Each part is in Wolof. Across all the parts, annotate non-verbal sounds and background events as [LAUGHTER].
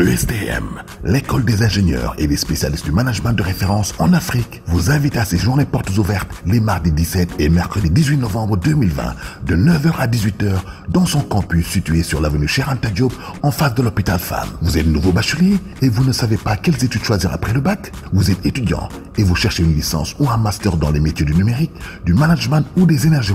L'ESTM, l'école des ingénieurs et des spécialistes du management de référence en Afrique, vous invite à ces journées portes ouvertes les mardis et mercredi novembre de 9 à 18 dans son campus situé sur l'avenue Anta Diop en face de l'hôpital Femme. Vous êtes nouveau bachelier et vous ne savez pas quelles études choisir après le bac Vous êtes étudiant et vous cherchez une licence ou un master dans les métiers du numérique, du management ou des énergies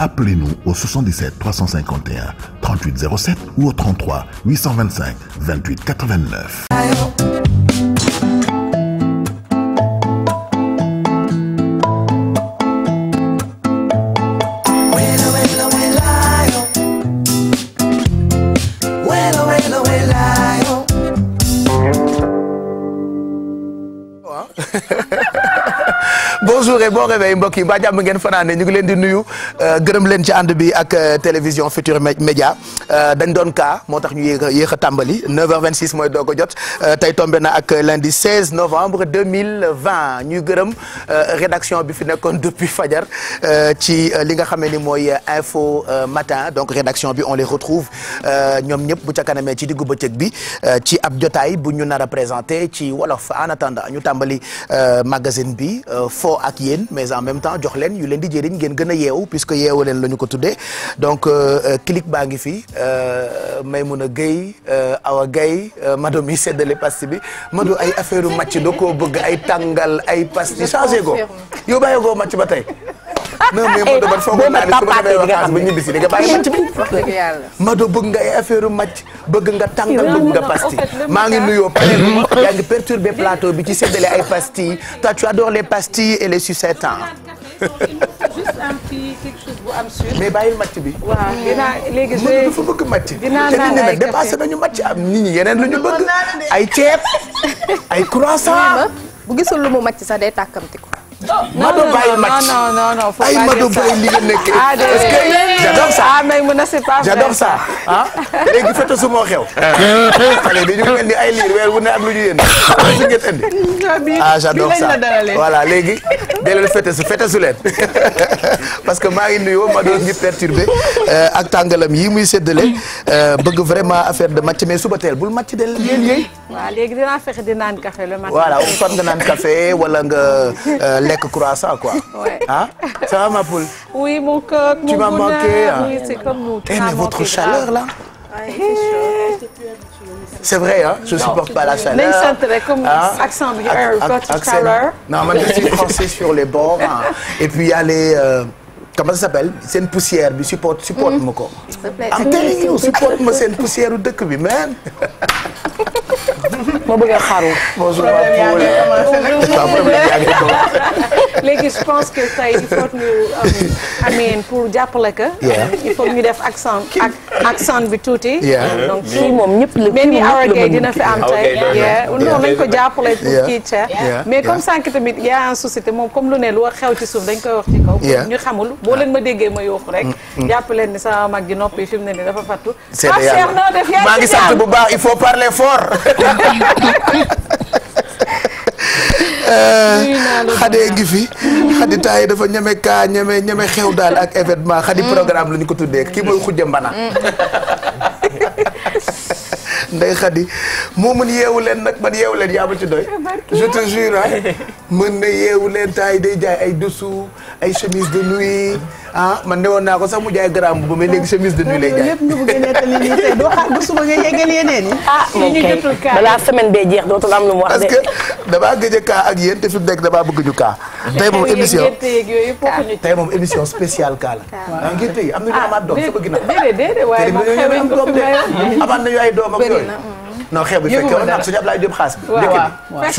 Appelez-nous au 77 351 3807 ou au 33 825 28 89. ngeen boo réveillé mbokk yi mbaa jàmm ngeen fanaane ñu ngi leen di nuyu euh, gërëm leen ci ànd bi ak euh, télévision Futur Média euh, dañ doon ka moo tax ñu yéex a yéex a tàmbali 9h26 mooy doog a jot tey tombé na ak lundi 16 novembre 2020 ñuy gërëm rédaction bi fi nekkoon depuis fajar ci li nga xam ne ni mooy info matin donc rédaction bi on les retrouve ñoom ñëpp bu ca ci diggu bëccëg bi ci ab jotaay bu ñu nar a présenté ci wolof en attendant ñu tàmbali magazine bi yéen mais en euh, euh, ngi fi euh, Maymouna Gueye Awa Gueye Mado mi bi Mado ay affaire u match da koo bëgg ay tàngal ay pasti changé ko yow bàyyi ko match ba tey [LAUGHS] non ma ba ñibbi si di nga bàyyi match bi [LAUGHS] Mado bëgg nga ay affaire u match bëgg nga tàngal bëgg nga pasti maa ngi nuyoo pare [LAUGHS] yaa ngi perturbé plateau bi ci seddale ay pasti toi tu adores les pastilles et les 17 ans. juste un petit quelque chose bu am suuf. mais bàyyil màcc bi. waaw dinaa léegi je mën dafa bëgg màcc. dinaa naan ay café dépassé nañu màcc am nit ñi yeneen lu ñu bëgg. ay ceeb ay croissant. bu gisul lu mu màcc sax day tàkkamti ko. Mado Baye match non ay ma Baye li nga nekk ah, est-ce que j'adore ah, ah? léegi fête su moo xew xale bi ñu mel ni ay liir weer wu ne am lu ñu yéen su indi ah j'adore ça voilà léegi delloo fête su fête su leen [LAUGHS] parce que maa ngi nuyoo Mado ngi perturbé euh, ak tàngalam yi muy séddale euh, bëgg vraiment affaire de match mais suba teel bul match del yéen yéy waaw léegi dinaa fexe di naan café le matin. voilà soit nga naan café wala nga euh, lekk croissant quoi. ah ça va ma poule. oui mon coq mon bonheur tu m'as manqué oui c'est comme nous. eh mais votre chaleur là. C'est vrai hein, je non, supporte pas la chaleur. Nañ sant rek comme accent bi votre chaleur. Non, man je suis français sur les bords hein. Et puis il y a les euh, comment ça s'appelle? Seen poussière bi supporte supporte hmm. ma ko. Am telling you supporte ma seen poussière u dëkk bi man. [LAUGHS] ma bëgg a xaru. problème yaa ngi commencé léegi je pense que tey il faut ñu euh, ameen pour jàppale que. Euh, il faut ñu def accent ak accent bi tuuti. Euh, donc kii moom ñëpp la mel ni Awa Gueye dina fi am tey. non nañ ko jàppale pour kii ca. mais comme sànq tamit y a un société moom comme lu ne lu xew ci suuf dañ koy wax ci kaw. ñu xamul boo leen ma déggee ma yooxu rek. Mm, mm. jàpp leen ni sama mag ji noppi fi mu ne nii dafa fattu. seede yàlla maa ngi sant bu baax il faut parler fort. [LAUGHS] xadee eh, ngi fi xadi taay dafa ñeme kaa ñeme ñeme xew daal ak événement xadi mm. programme lu ñu ko tuddee kii mooy xujja mbana mm. [LAUGHS] nday xadi moo mën yeewu leen nag man yeewu leen yaa ma ci doy. [LAUGHS] je te jure ah, mën na yeewu leen taay day jaay ay dessous ay chemise de nuit ah, man ne woon naa ko sax mu jaay garaam bu mais léegi chemise de nuit lay jaay. lépp ñu bëgg a nettali nii tey doo xaar ba suba nga yeggal yeneen yi. ah ok balaa semaine bee jeex dootul am lu mu wax de. parce que damaa gëj a kaa ak yéen te fi mu nekk damaa bëgg ñu kaa. tey moom émission tey moom émission spéciale kaa la. waaw ah, gerte yi am na ñu amaat doom sama ginnaaw. déedéet [LAUGHS] amaan nañu ay doom ak yooyu non xew bi fekkee woon nag suñu Ablaye Diop xaas bi njëkk bi ah,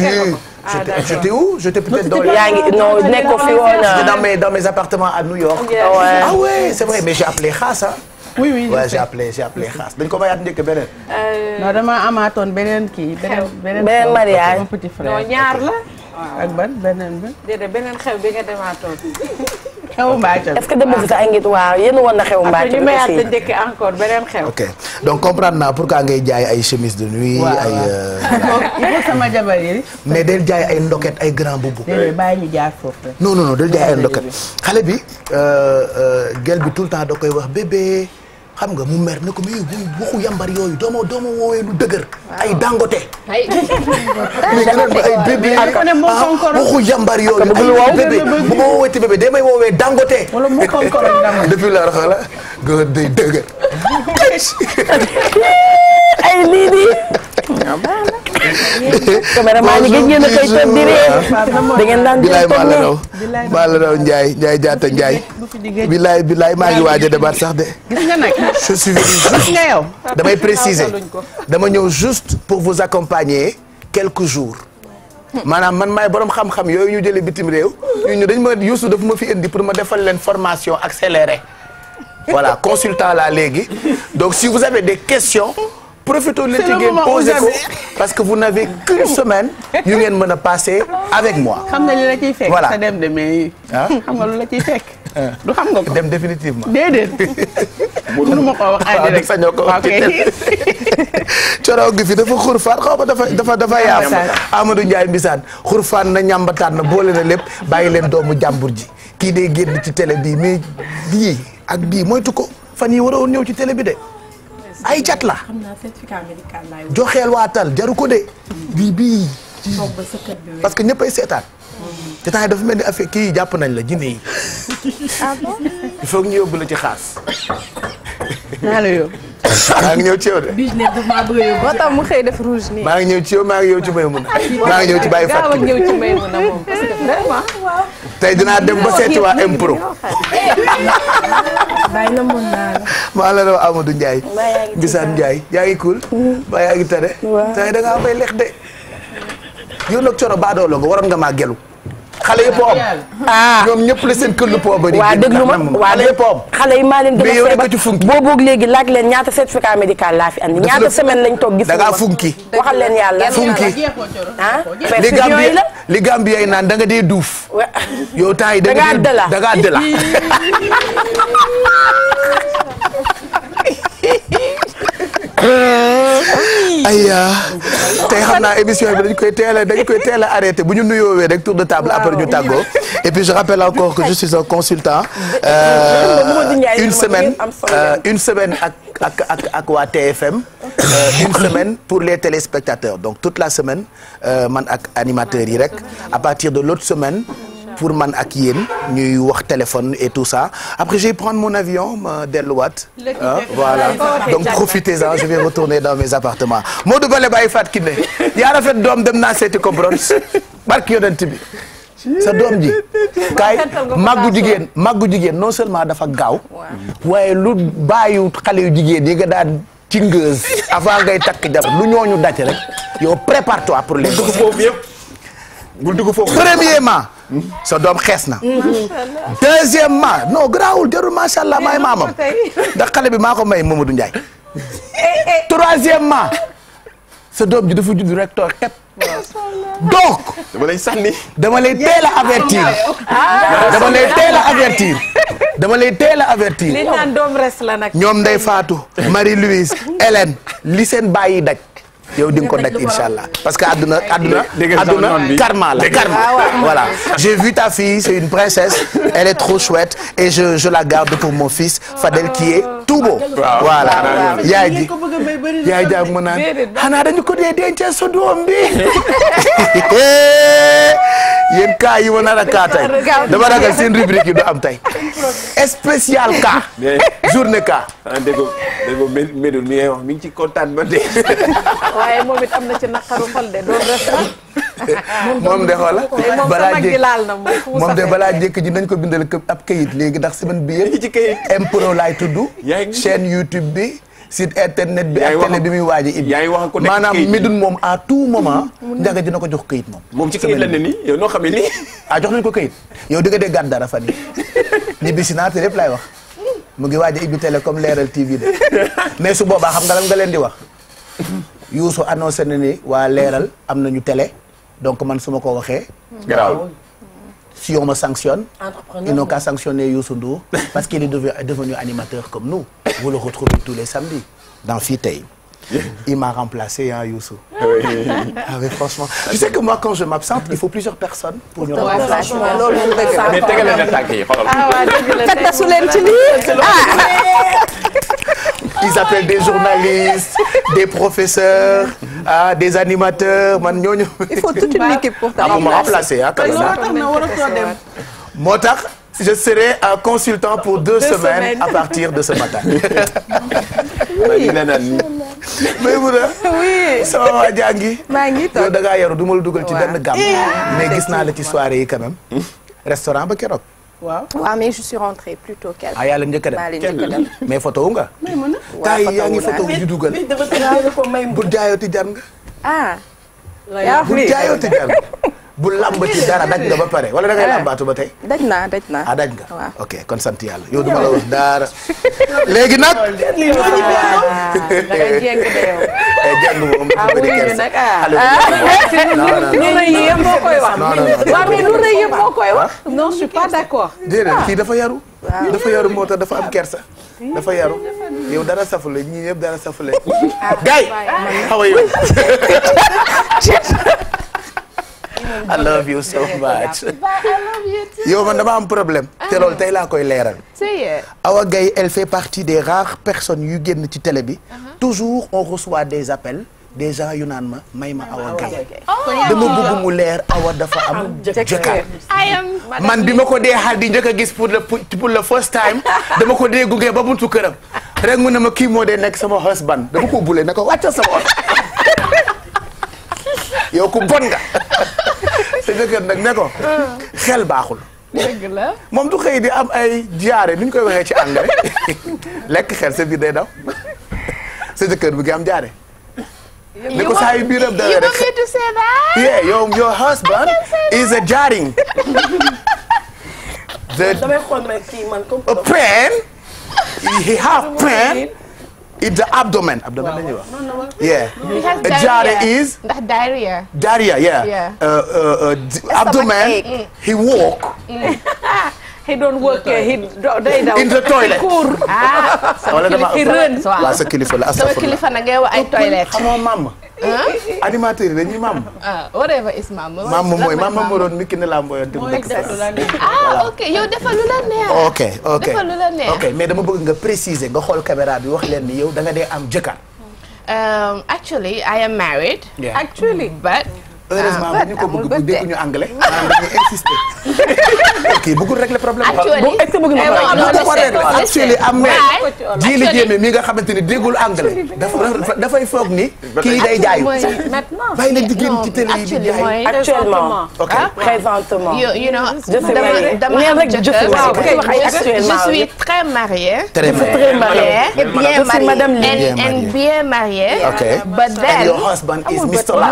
J'étais j'étais où j'étais peut-être dans les. yaa ngi non nekkoo fi woon dans mes dans mes appartements à New York. Ah, ah ouais c'est vrai mais j'ai appelé xaas ah. oui oui ouais, j'ai appelé j'ai appelé xaas dañu ko mayaat njëkk beneen. Euh, non dama amaatoon beneen kii. xew beneen mariage non ñaar la. ak ban beneen bi. déedéet beneen xew bi nga demaatoon. xew Mbathio est-ce que dem na ay nit waaw yéen woon na xew Mbathio ñu mayaat la njëkk encore beneen xew. donc comprendre naa pourquoi ngay jaay ay chemise de nuit. ay yéen euh, [LAUGHS] sama jabar yi. mais del jaay ay ndoket ay grand boubou. déedéet bàyyi ñu jaar foofu rek. jaay ay ndoket xale bi euh, euh, gel bi tout le temps da koy wax bébé. xam nga mu mer ne ko mais waxu yambar yooyu doomoo doomoo woowee lu dëgër. ay dangote. ay [LAUGHS] ah, yambar yooyu. ay bébé bu ma woowee may woowee dangote. wala mu konkoro dangote. day dëgër. [LAUGHS] ay lii cameraman yi gëj ngeen a di réer da ngeen daan bilaay maa la raw maa la raw Ndiaye Ndiaye Diatta Ndiaye bilaay maa ngi waaja a débat sax de nag je suis venu juste nga yow damay préciser dama ñëw juste pour vous accompagner quelques jours maanaam man maay borom xam-xam yooyu ñu jëlee bitim réew ñu ñu dañ ma Youssou daf ma fi indi pour ma defal leen formation accélérée voilà consultant la léegi donc si vous avez des questions profito leen ci ngeen parce que vous n'avez qu'une [LAUGHS] semaine yu ngeen mën a passer avec moi. xam nga li la ciy fekk. voilà sa dem demee. Ah. xam nga lu la ciy fekk. Ah. du xam nga ko dem définitivement. déedéet. [LAUGHS] mënu ma koo wax en ah, direct sañoo ko wax [LAUGHS] gi fi dafa xurfaan xaw ma dafa dafa dafa yaam Amadou Ndiaye Mbissane na ñambataan na boole na lépp bàyyi leen doomu jàmbur ji kii day génn ci télé bii mais bii ak bii moytu ko fan yi waroon ñëw ci télé bi de. ay jat la. xam naa certificat joxeel waatal jaru ko de. bii bii. parce que ñëppay seetaan. te temps dafa mel ni affaire kii jàpp nañ la jinne yi. [LAUGHS] ah bon. il faut ñu yóbbu la ci xaas. naa la yóbbu. maa ngi ñëw ci yow de. bii ne mu xëy def rouge nii. ngi ñëw ci yow maa ngi ñëw ci Maymuna. ci Baye Fatou. gaaw tey dinaa dem ba seeti waa Impro. bàyyi na mën naa la. maa la doon Amadou Ndiaye. mbaa gisaan Ndiaye yaa ngi cool. mbaa mm-hmm. yaa ngi tane. waaw tey da ngaa de. yow nag coro baadoo la nga waroon nga maa gelu xale yëpp am. ah ñoom ñëpp la seen këll po bëri. waa déglu ma waa dégg xale yi maa leen gën a feebar boo boog léegi laaj leen ñaata certificat médical laa fi andi. ñaata semaine lañ toog gis. da ngaa funki waxal leen yàlla. funki ah. li Gambie li Gambie ay naan da nga dee duuf. yow temps yi da ngaa dala da ngaa dala. [LAUGHS] [LAUGHS] [LAUGHS] ay ah. tey xam naa émission bi dañ koy teel a dañ koy teel a arrêté bu ñu nuyoowee rek tour de table après ñu tàggoo et puis je rappelle encore que je suis un consultant euh, une semaine euh, une semaine ak ak ak ak waa TFM euh, une semaine pour les téléspectateurs donc toute la semaine man ak animateurs yi rek à partir de l'autre semaine pour man ak yéen ñuy wax téléphone et tout ça après je vais prendre mon avion ma delluwaat. voilà donc profitez-en je vais retourner dans mes appartements Modou Bale Baye Fat Kiné yaa rafet doom dem naa seeti ko bronze barki yonent bi sa doom ji kaay màggu jigéen màggu jigéen non seulement dafa gaaw waaye lu bàyyu xale yu jigéen yi nga daan cingeuse avant ngay takk jabar lu ñooñu daj rek yow prépare-toi pour les bul dugg foofu sa doom xees na. deuxièmement non garaawul jarul macha allah may maamam [LAUGHS] ndax xale bi maa ko may Mamadou Ndiaye. Eh, eh. troisièmement sa doom ji dafa judd rek toog xepp. donc. dama lay sànni. Ah. dama lay teel a avertir. dama lay teel a avertir. dama teel a avertir. li nag. ñoom day Fatou. Marie Louise Hélène li seen bàyyi yow di nga ko allah parce que àdduna àdduna àdduna karma la karma voilà vu ta fille c'est une princesse elle est trop chouette et je la garde pour mon fils Fadel qui est tout beau voilà yaay ji yaay ji ak mu naan xanaa dañu ko dee dencee sa doom bi [LAUGHS] yéen cas yi ma nar a cas tey dama ragal seen rubrique yi du am tey spécial cas journée cas ah, dégg nga dégg nga Medoune mi ngay wax [LAUGHS] waaye moom it am na ci naqaru xol de doon res [LAUGHS] moom de xoola balaa jékki laal na moom de balaa jékki ji nañ ko bindal ab kayit léegi ndax semaine bi yëpp [LAUGHS] ci kayit impro laay tudd [LAUGHS] chaîne YouTube bi si internet bi ak télé bi muy waaj a ibbi maanaam midun moom à tout moment njaga dina ko jox kayit moom moom ci kayit la ne nii yow noo xamee nii ah jox nañ ko kayit yow di nga dégg dara fan yi ni si naa te lépp laay wax mu ngi waaj a ibbi télé comme leeral TV de mais su boobaa xam nga lan nga leen di wax Youssou annoncé na ni waa leeral am na nañu télé donc man su ma ko waxee. si on me sanctionne. ils n'ont qu'à sanctionner Youssou Ndour parce qu'il est devenu animateur comme nous. vous le retrouvez tous les samedis. dans fii tey. il m'a remplacé hein Youssou. oui ah oui franchement. tu que m'absente il faut plusieurs personnes. pour ñu remplacer loolu moom dëgg la. mais tegal na tànk yi xoolal. ah waaw dëgg [LAUGHS] ils oh appellent des journalistes des professeurs ah, des animateurs man ñooñu. il faut toute une équipe pour ta ah, remplacer ah moo tax je serai un consultant pour deux, deux semaines, semaines à partir de ce matin. oui Maïmouna. oui sama waa jàngi. maa ngi toog yow da ngaa yaru du ma la dugal ci benn gàmm. Eh, mais gis naa la ci soirée yi quand même. Hmm? restaurant ba keroog. waaw waaw mais je suis rentrée plus tôt qu'elle. ah yaa a dem mais photo wu nga. may a waaw photo yaa ngi photo wu ñu dugal. bu nga. ah. yaa bu nga. bu làmb ci dara daj nga ba pare wala da ngay eh, làmbaatu ba tey. daj naa daj naa ah daj nga. waaw ok kon sant yàlla yow duma la wax dara. léegi nag. [LAUGHS] lii ah, [LAUGHS] eh, moom non je suis pas d'accord. déedéet kii dafa yaru. Ah. dafa yaru moo tax dafa am kersa. dafa yaru yow dara safule ñii yëpp dara safule. Ah. gay xaw a yow. [LAUGHS] I love you so much. [LAUGHS] yow man dama am problème. Ah. te tey laa koy leeral. Awa Gaye elle fait partie des rares personnes yu génn ci tele bi. Uh-huh. toujours on reçoit des appels. déjà yu naan ma may ma Awa Gaye oh, dama bëgg leer Awa dafa am jëkkër man bi ma ko dee xal di njëkk a gis pour le first time [LAUGHS] dama ko dee gunge ba buntu këram rek mu ne ma kii moo dee nekk sama husband dama ko bule ne ko wàccal sama oto [LAUGHS] yow ku bon nga sa jëkkër nag ne ko xel baaxul dëgg la moom du xëy di am ay jaare ni ñu koy waxee ci engrais lekk xel sa biir day daw sa jëkkër bi ngi am jaare ne ko saa yu biiram dawee rek yeah your your husband is a jarring [LAUGHS] the damay xool man kii man comme pain [LAUGHS] he have pain it's the abdomen. abdomen la ñuy wax. yeah. he has diarrhea diarrhea is. ndax diarrhea. diarrhea yeah. yeah. Uh, uh, uh abdomen. he walk. Mm. [LAUGHS] Mm. he don't work kilifa la ah, sama ay toilet. xamoo yi dañuy maam. ah whatever lu la neex. ok ok defal dama bëgg nga préciser nga xool caméra bi wax leen ni yow danga dee am jëkkër. Um, actually I am married. actually heureusement bu ah. ñu ko bëgg bu dégguñu anglais maanaam ah, dañuy insister [LAUGHS] kii bëggul régler problème est-ce que bëgg na ko ko régler actually am jiili jéeme mi nga xamante ni déggul anglais dafa dafay foog ni kii day jaayu bàyyi la jigéen ci télé yi di jaay actuellement ok ah? présentement you know dama am jëkkër je suis très mariée très mariée et bien mariée and bien mariée but then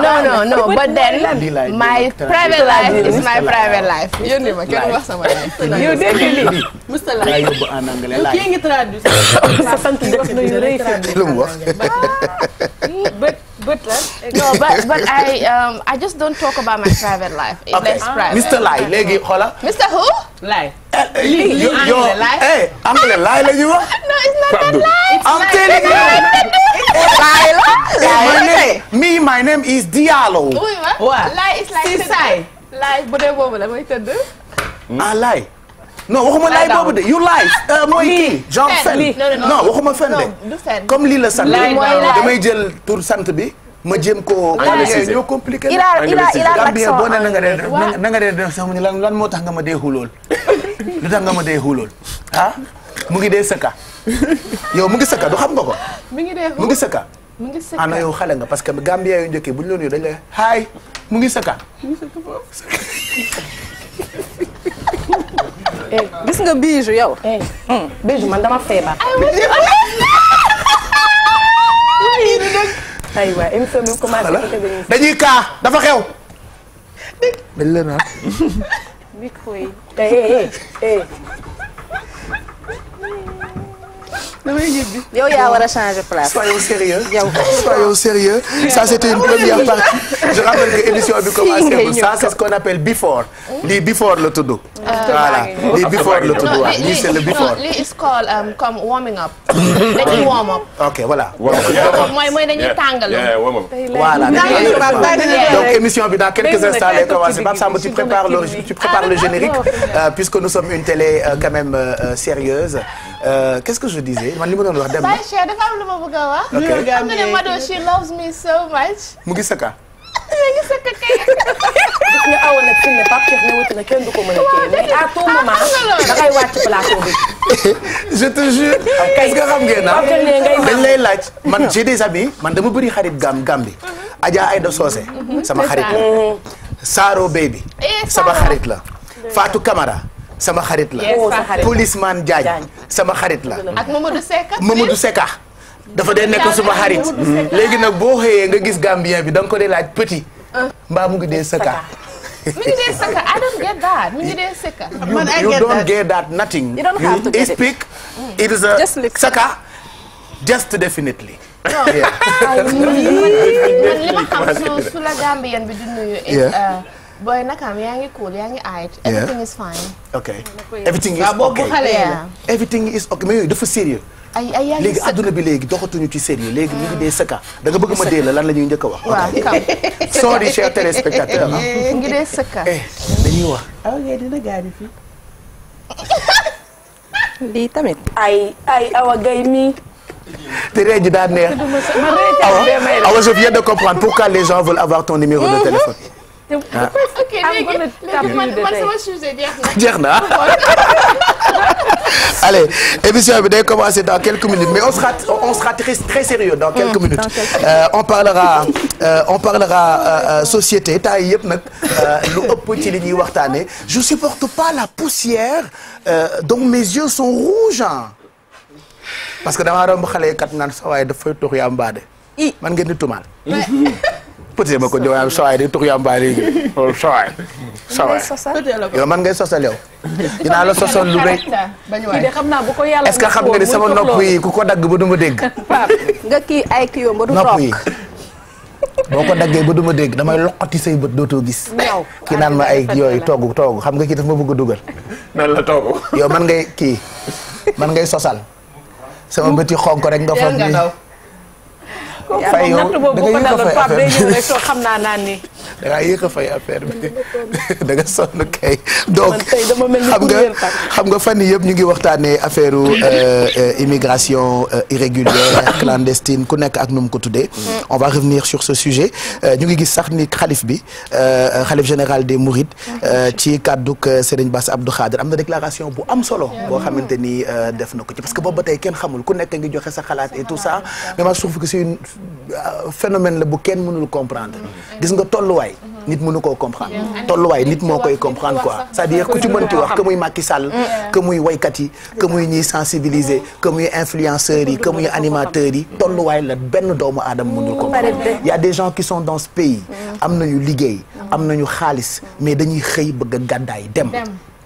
no no no but then man my private life is my private life. yónni ma kenn wax sama life. yow dégg nga lii. mustala laa yóbbu en anglais laa. kii ngi traduit. [LAUGHS] sa sant def na yu rëy. lu mu wax. [LAUGHS] But, uh, no, but, but I, um, I just don't talk about my private life. It's okay. Ah. private. Mr. Lai, legi hola. Mr. Who? Lai. Lee, eh, eh, you, I'm you're, lie. Hey, I'm gonna lie to you. no, it's not Crap, a lie. It's I'm telling you. Lila. Lila. Eh, me, my name is Diallo. What? Lie is like. Sisai. Lie, but then what will I do? Ah, lie. non waxuma laay boobu de yu laay. Euh, mooy kii genre fen non waxuma fen de comme lii la sant damay jël tur sant bi. ma jéem koo. anglicisé la. il a il de l'accent boo nee na lan lan moo tax nga ma dee xulool [LAUGHS] lu tax ma dee xulool mu ngi de sëkka yow mu ngi sëkka du xam nga ko. mu ngi dee mu ngi sëkka. mu ngi sëkka ana yow xale nga parce que Gambien yu njëkkee bu ñu la mu ngi sëkka. [LAUGHS] Eh, gis nga bijou yow. Eh. Hmm, bijou man dama feebar. aywa émission bi commencé. dañuy kaa dafa xew. dañ leen naan. micro yi. Eh, damay ñibbi. yow yaa war a changer place. soyons sérieux. yow soyons sérieux. ça c'était une première partie. je rappelle que émission bi commencé. ça c'est ce qu'on appelle before. lii before la tudd. Euh, voilà lii before la tudd waaw lii c'est le before. lii is called um, comme [LAUGHS] warming up. dañuy warm up. ok voilà. mooy mooy dañuy tàngal. voilà donc émission bi dans quelques instants lay commencé Pape Samba tu prépares le tu prépares le générique euh, puisque nous sommes une télé euh, quand même sérieuse Euh, qu'est-ce que je disais man li ma doon wax dem na. dafa am lu ma bëgg a wax. ok xam nga ne Madoshi loves me so much. mu gis sa ka. ngi sëkk kay. gis nga awoon nag fi mu ne Pape Cheikh ne wuti na kenn du ko mën a téye mais à tout moment dangay wàcc plateau bi. je te jure. parce que xam ngeen ah dañ lay laaj. man j'ai des amis man dama bëri xarit gam Gambi. Adja Aïda Socé. sama xarit la. Saaro Baby. sama xarit la. Fatou Camara. sama xarit la. policeman Diagne. sama xarit la. ak Mamadou Seka. Mamadou Seka. dafa dee nekk suma xarit léegi nag boo xëyee nga gis gambien bi da nga ko dee laaj petit euh. mbaa mu ngi dee sëkka mi ngi dee sëkka I don't get that mi ngi dee sëkka man I get that you don't get that nothing you speak mm. it is a sëkka just definitely non [LAUGHS] [LAUGHS] [LAUGHS] li ma xam su la gambien bi di nuyu euh, boy nakam yaa ngi cool yaa ngi aay. everything is fine. ok mm, ah, everything is ok everything yooyu dafa sérieux ay ay yaa léegi adduna bi léegi doxatuñu ci sérieux léegi ñu ngi dee sëkka da bëgg ma dee la lan la ñuy njëkk a wax. waaw kam [LAUGHS] sorry chers téléspectateurs ñu eh, ngi dee sëkka. Eh, dañuy wax. aw ah, ngeen dina gaari fii. [LAUGHS] lii tamit. ay ay awa gay mi. te réer ji daa neex. awa awa je viens de comprendre pourquoi les gens veulent avoir ton numéro de mm-hmm. téléphone. Ah. ok léegi ah, léegi man man jeex na. [LAUGHS] bi day commencer dans quelques minutes mais on sera on sera très sérieux dans quelques hmm, euh, minutes. on parlera euh, euh, société temps yii yëpp nag lu ëpp ci li ñuy waxtaanee je supporte pas la poussière donc mes yeux sont rouges parce que damaa romb xale kat naan sa waaye dafay tox yaa [LAUGHS] pëtee ma ko jooyaam sawaay di tux yàmbaay léegi loolu sawaay sawaay yow man ngay sosal yow dinaa la sosal lu rëy est-ce que xam nga ni sama nopp yi ku ko dagg ba du ma dégg nga kii boo ko daggee ba du dégg damay loqati say bët dootoo gis ki naan ma ay yooyu togg togg xam nga kii daf ma bëgg a dugal nan la togg yow man ngay kii man ngay sosal sama bët xonk rek nga fam ni fay yow da nga yëg ko fay affaire bi xam naa naa ni. da ngaa fay affaire bi [LAUGHS] da nga sonn kay. donc xam nga xam nga fan yii yëpp ñu ngi waxtaanee affaire euh, euh, immigration euh, irrégulière [COUGHS] clandestine ku nekk ak nu mu ko tuddee. Mm. on va revenir sur ce sujet ñu ngi gis sax ni xalif bi xalif général des Mourides. Mm. ci kàddug Serigne Bass Abdou Khadir am na déclaration bu am solo. boo xamante ni def na ko ci parce que boobu ba tey kenn xamul ku nekk ngi joxe sa xalaat et tout ça mais moi je trouve que c'est phénomène la bu kenn mënul comprendre. Mm. gis nga tolluwaay. tolluwaay nit mënu koo comprendre tolluwaay nit moo koy comprendre quoi c'est-à-dire ku ci mënti wax que muy Macky Sall que muy waykat yi que muy ñiy sensibiliser que muy influenceurs yi que muy animateurs yi tolluwaay la benn doomu aadama mënul comprendre y a des gens qui son dans ce pays mm. am nañu liggéey am nañu xaalis mais dañuy xëy bëgg a gàddaay dem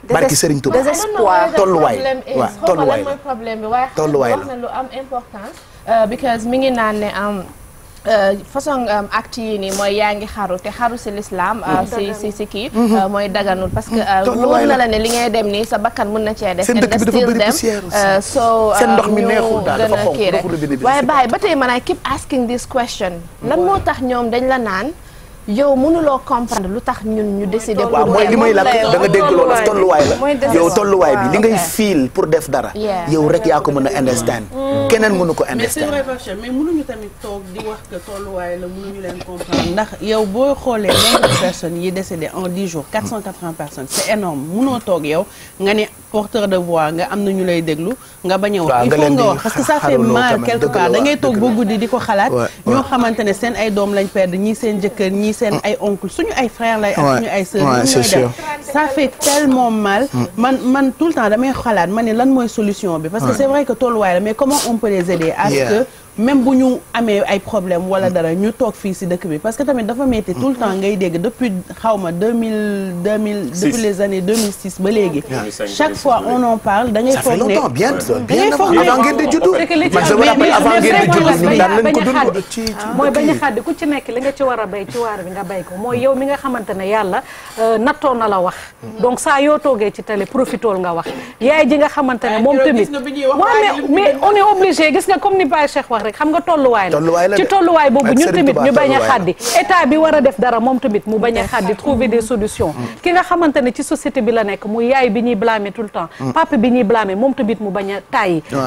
barki sëriñ Touba ah, désespoir tolluwaay waaw tolluwaay la tolluwaay la wax euh, ngi naan ne am um, Euh, façon euh, acte yii nii mooy yaa ngi xaru te xaru si lislaam euh, mm-hmm. si si si kii mm-hmm. mooy daganul parce que mm-hmm. wóor na la ne li ngay dem nii sa bakkan mun na cee des seen dëkk bi dafa bëri poussière soo seen ndox mi neexul daal dafa xonq waaye bàyyi ba tey maanaam keep asking this question lan moo tax ñoom dañ la naan yow mënuloo comprendre lu tax ñun ñu décider. waaw mooy li may lakk da nga dégg loolu tolluwaay la yow tolluwaay bi li ngay fiil pour def dara. yow rek yaa ko mën a understand. Mm. keneen mënu ko understand. mais c'est vrai mais mënuñu tamit toog di wax que la mënuñu leen ndax yow boo xoolee nombre [COUGHS] de personnes yi décédé en 10 jours c'est énorme mënoo toog yow nga ne porteur de voix nga am na ñu lay déglu nga bañ a wax. il faut nga wax parce que ça fait mal quelque part da ngay toog ba guddi di ko xalaat. ñoo xamante ne seen ay doom lañ perdre ñii seen jëkkër ñii yi seen ay oncle suñu ay frère lay ak suñu ay sœur ñu ñooy def ça fait tellement mal mm. man man tout le temps damay xalaat ma ne lan mooy solution bi parce que c'est vrai que tolluwaay la mais comment on peut les aider à ce que même bu ñu amee ay problème wala dara ñu toog fii si dëkk bi parce que tamit dafa metti tout le temps ngay dégg depuis xaw deux mille deux mille depuis les années ba léegi. Ah, chaque fois on en parle da foog ne da foog ne avant ngeen mooy bañ a xàddi ku ci nekk li nga ci war a bay ci waar bi nga bay ko mooy yow mi nga xamante ne yàlla euh, nattoo na la wax. donc saa yoo toogee ci télé profitool nga wax yaay ji nga xamante ne moom tamit. waaw mais on est wax rek xam nga tolluwaay la ci tolluwaay boobu ñun tamit ñu bañ xaddi état bi war a def dara moom tamit mu bañ xaddi trouver des solutions mm. ki nga xamante ci société bi la nekk mu yaay bi ñuy blâmer tout le temps mm. papa bi ñuy blâmer moom tamit mu bañ a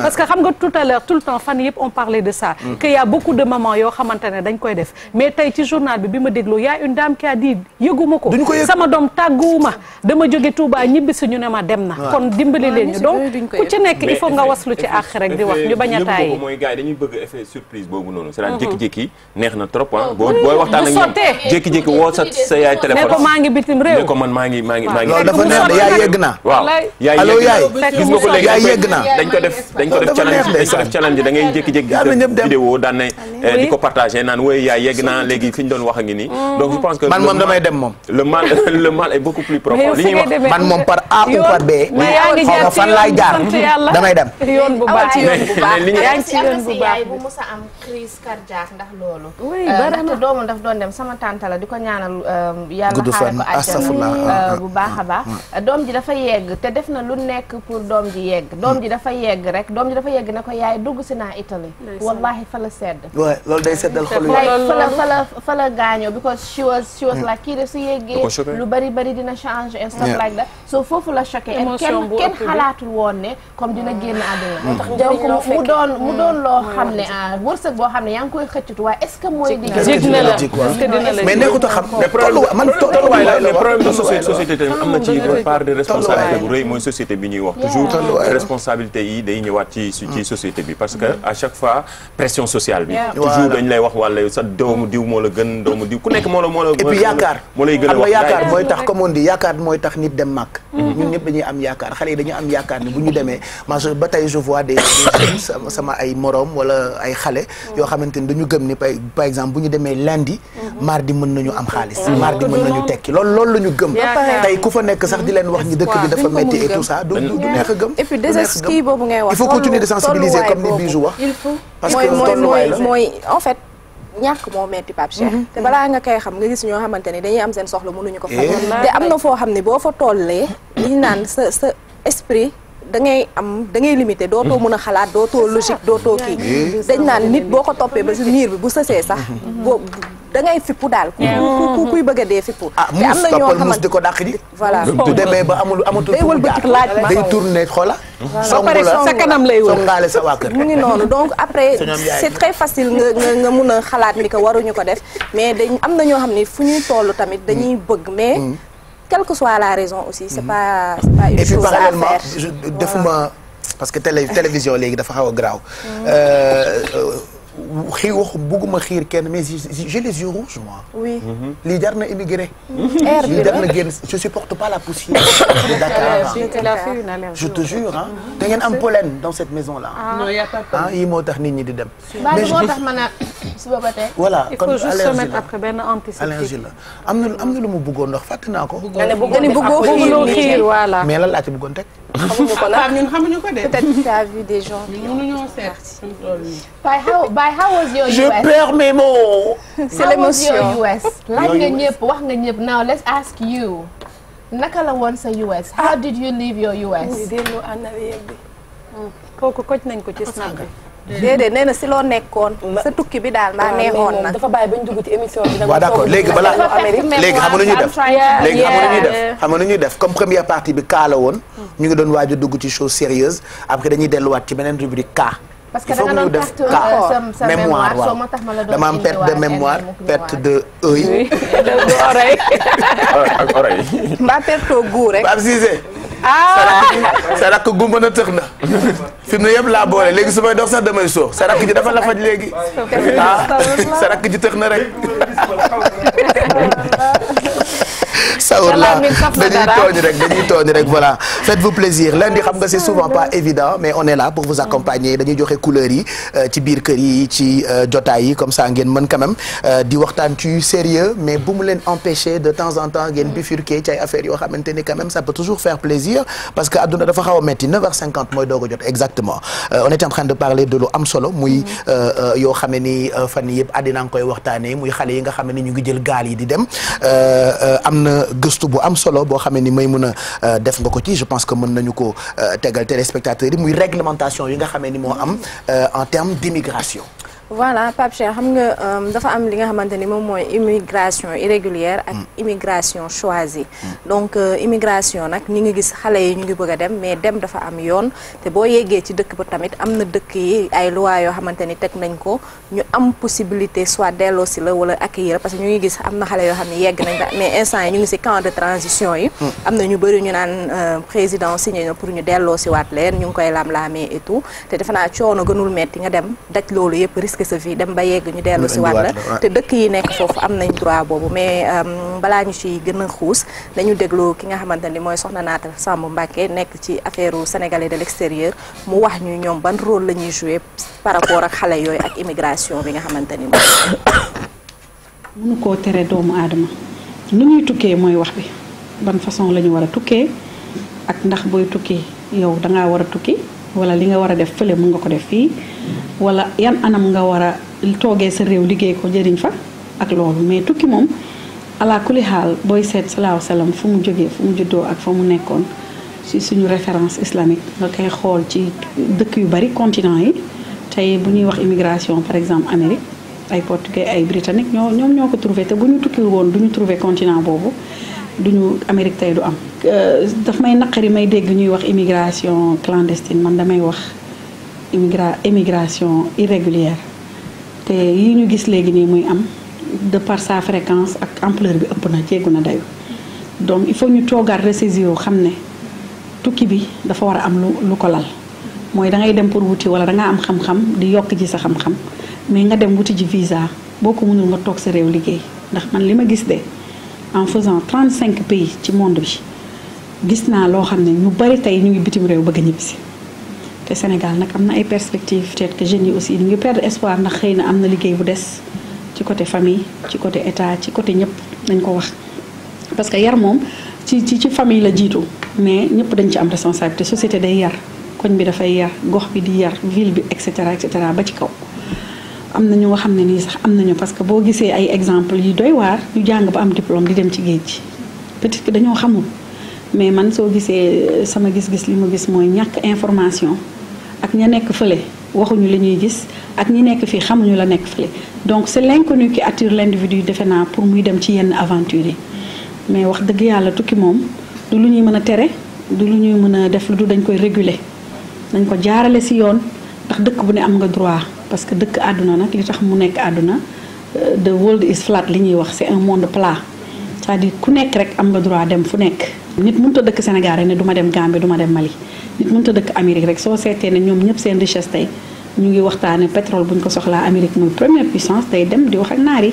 parce que xam nga tout à l'heure tout le temps fan yëpp on parlait de ça mm. que y beaucoup de mamans yoo xamante dañ koy def mais tey ci journal bi bi ma déglu y a une dame qui a dit yëguma ko sama doom ma dem na kon dimbali leen effet surprise boobu noonu. c'est-à-dire mhm. jékki-jékki neex na trop ah mhm. boo booy mhm. waxtaan ak ñoom jékki-jékki woo sa sa yaay téléphone. ne ko maa ngi bitim réew ne ko man maa ngi maa ngi maa ngi. loolu dafa neex de yaay yegg naa. waaw yaay allo yaay gis nga ko léegi yaay yegg naa dañ ko def dañ ko def challenge dañ ko def challenge da ngay jékki-jékki def vidéo daan ne eh, di ko partagé naan wooy yaay yegg naa léegi fi ñu doon wax a ngi nii mm-hmm. donc je pense que man moom damay dem moom le mal [LAUGHS] le mal est beaucoup plus profond li ñuy wax man moom par A ou par B xaw ma fan laay jaar damay dem yoon bu baax yoon bu baax mu a am ndax loolu. oui euh, bari na daf doon dem sama tante di ko ñaanal euh, yàlla xaare ko àjjana euh, ah, ah, bu baax a ah, baax doom ji dafa yegg te def na lu nekk pour doom ji yegg doom ji dafa yegg rek doom ji dafa yegg ne ko yaay dugg si naa Italie wallahi fa la sedd loolu day seddal xol fa la fa la gaañoo because she was she was hmm. like kii def si yeggee lu bari bari dina change and stuff like that so foofu la choqué kenn kenn xalaatul woon ne comme dina génn àdduna hmm. mu doon loo hmm. xam ne ah wërsëg boo xam ne yaa ngi koy xëccutu waaye est-ce que mooy di jig na la est-ce mais nekkut a xam mais problème man tolluwaay la mais problème de société am na ci part de responsabilité mooy société bi ñuy wax toujours responsabilité yi day ñëwaat ci ci société bi parce que à chaque fois pression sociale bi toujours dañ lay wax wala sa doomu diw moo la gën doomu diw ku nekk moo la moo la moo lay gën a wax mooy tax comme on yaakaar mooy tax nit dem màkk mm-hmm. ñun ñëpp dañuy am yaakaar xale yi dañu am yaakaar ni bu ñu demee ma ba tey je vois des sama ay moroom wala ay xale yoo xamante ni dañu gëm ni par exemple bu ñu demee lundi mardi mën nañu am xaalis mm-hmm. mardi mën nañu tekki loolu loolu la gëm tey ku fa nekk sax di leen wax ñi dëkk bi dafa metti et tout ça du du a gëm boobu ngay wax il faut continuer de sensibiliser comme ni Bijou wax parce que mooy mooy en fait ñàkk moo metti Pape mm-hmm. te balaa nga koy xam nga gis ñoo xamante dañuy am seen soxla mënuñu ko faj eh. te am na foo xam ne boo fa tollee liñ naan da ngay am da ngay limité dootoo mën a xalaat dootoo logique dootoo kii dañ naan nit boo ko toppee ba si miir bi bu sësee sax mm-hmm. boo da ngay fippu daal ku kuy bëgg a dee fippu ah muus toppal muus di ko dàq ji voilà bu demee ba amul amatul day wëlbatiku laaj ma day tourné xoola song la sa kanam lay wër songaale sa waa mu noonu donc après c'est très nga nga nga mun a xalaat ni ko ko def mais dañ am na ñoo xam ne fu ñuy toll tamit dañuy bëgg mais mm. quelle que soit la raison aussi. c'est mhm. pas c'est pas une chose à faire et puis parallèlement je defuma parce que télé télévision léegi dafa xaw a graaw. xii wax bugguma xiir kenn mais j'ai les yeux rouges moi. oui. Mhm. lii jar na immigré. Mhm. lii jar na génn je supporte pas la poussière. [COUGHS] de Dakar je te jure ah. da ngeen am pollen dans cette maison là. Ah. non y a pas de ah, pollen ah yii moo tax nit ñi di dem. mais moo tax ma naan suba ba tey. voilà kon allergie la il faut juste se mettre après benn antiseptique. allergie la am na am na lu mu bëggoon ndax fàtte naa ko. bëggoon xiir voilà. mais lan laa ci bëggoon teg. xamuñu ko la ah, ñun xamuñu ko de. peut-être tu as vu des gens. mënuñoo seet. Baye how Baye how was your US. je perds mes mots. c'est l'émotion how was your US. laaj nga ñëpp wax nga ñëpp now let's ask you. naka la woon sa US. how did you leave your US. kooku koj nañ ko ci snap bi. déedéet nee na si loo nekkoon. sa tukki bi daal maa neexoon na. dafa bàyyi bañ dugg ci émission bi. waaw d'accord léegi balaa léegi xam nga ñuy def léegi xam xam nga nu ñuy def comme première partie bi kaa la woon. Hmm. ñu ngi doon waaj a dugg ci chose sérieuse après dañuy delluwaat ci beneen rubrique cas. parce que da nga doon perte euh, sa oh, mémoire waaw soo ma tax ma la doon dama am perte de mémoire perte de œil. [LAUGHS] de [LAUGHS] perte au goût rek. Ah. sa rakk gumba na tëx fi mu ne yëpp laa boole léegi su may dox sax damay soox sa rakk ji dafa la faj léegi ah sa ji tëx na rek [LAUGHS] Saour la dañuy tooñ rek dañuy tooñ rek voilà faites-vous plaisir lundi xam nga c'est souvent pas évident mais on est là pour vous accompagner dañuy joxe couleur yi euh, ci biir kër yi ci euh, jotaay yi comme sa ngeen mën quand euh, di waxtaan ci sérieux mais bu mu leen empêcher de temps en temps ngeen bifurquer ci ay affaires yoo xamante ni quand même ça peut toujours faire plaisir parce que adduna dafa xaw a metti 9 h mooy doog a jot exactement on était solo muy mm-hmm. yoo xam ne ni fan yëpp àddina koy waxtaanee muy xale yi nga xam ne ni ñu ngi jël gaal yi di dem benn gëstu bu am solo boo xamee ni may mun a euh, def nga ko ci je pense que mën nañu ko euh, tegal téléspectateurs yi muy réglementation yi nga xamee ni moo am euh, en termes d'immigration voilà Pape Cheikh xam nga euh, dafa am li nga xamante ni moom mooy immigration irrégulière ak mm. immigration choisie mm. donc euh, immigration nag ñu ngi gis xale yi ñu ngi bëgg a dem mais dem dafa am yoon te boo yeggee ci dëkk ba tamit am na dëkk yi ay loi yoo xamante ni teg nañ ko ñu am possibilité soit delloo si la wala accueillir parce que ñu ngi gis am na xale yoo xam ne yegg nañ fa mais instant ñu ngi si camp de transition yi mm. am na ñu bëri ñu naan euh, président signé na pour ñu delloo si leen ñu ngi koy laam-laamee et tout te defe naa coono gënul metti nga dem daj yëpp dem ba yegg ñu dellu si waat la te dëkk yi nekk foofu am nañ droit boobu mais euh, balaa ñu ci gën a xuus dañu dégloo ki nga xamante ni mooy soxna Naata Samb Mbacke nekk ci affaire sénégalais de l'extérieur mu wax ñu ñoom ban rôle la ñuy jouer par rapport ak xale yooyu ak immigration bi nga xamante ni moom [COUGHS] mënu koo teree doomu aadama lu ñuy tukkee mooy wax bi ban façon la ñu tukkee ak ndax booy tukki yow dangaa war a tukki wala li nga war a def fële mun nga ko def fii wala yan anam nga war a toogee sa réew liggéey ko jëriñ fa ak loolu mais tukki moom ala kulli xaal booy seet salaahu salaam fu mu jógee fu mu juddoo ak fa mu nekkoon si suñu référence islamique nga koy xool ci dëkk yu bari continent yi tey bu ñuy wax immigration par exemple Amérique ay portugais ay britannique ñoo ñoom ñoo ko trouvé te bu ñu tukki woon du ñu trouvé continent boobu duñu Amérique tey du am. Euh, daf may naqari may dégg ñuy wax immigration clandestine man damay wax immigra immigration irrégulière te yi ñu gis léegi nii muy am de par sa fréquence ak ampleur bi ëpp na jéggu na dayu donc il faut ñu toogaat ressaisir xam ne tukki bi dafa war a am lu lu ko lal mooy dangay dem pour wuti wala da nga am xam-xam di yokk ji sa xam-xam mais nga dem wuti ji visa boo ko mënul nga toog sa réew liggéey ndax man li ma gis de. en faisant cinq pays ci monde bi gis naa loo xam ne ñu bari tey ñu ngi bitim réew bëgg a ñibbisi te Sénégal nag am na ay perspectives peut-être que jeunes yi aussi ñu ngi perdre espoir ndax xëy na am na liggéey bu des ci côté famille ci côté état ci côté ñëpp nañ ko wax parce que yar moom ci ci ci famille la jiitu mais ñëpp dañ ci am responsabilité société day yar koñ bi dafay yar gox bi di yar ville bi et cetera cetera ba ci kaw am na ñu xam ne nii sax am nañu parce que boo gisee ay exemple yu doy waar yu jàng ba am diplôme di dem ci géej gi peut-être que dañoo xamul mais man soo gisee euh, sama gis-gis li ma gis mooy ñàkk information ak ña nekk fële waxuñu li ñuy gis ak ñi nekk fii xamuñu la nekk fële donc c'est l'inconnu qui attire l'individu defe naa pour muy dem ci yenn aventure yi mais wax dëgg yàlla tukki moom du lu ñuy mën a tere du lu ñuy mën a def lu du dañ koy réguler dañ ko jaarale ci yoon ndax dëkk bu ne am nga droit parce que dëkk àdduna nag li tax mu nekk àdduna euh, the world is flat li ñuy wax c'est un monde plat c'est-à-dire ku nekk rek am nga droit dem fu nekk. nit mun a dëkk Sénégal rek ne duma dem Gambie duma dem Mali nit mënut a dëkk Amérique rek soo seetee ne ñoom ñëpp seen richesse tey ñu ngi waxtaane pétrole bu ñu ko soxlaa Amérique muy première puissance tey dem di wax ak naari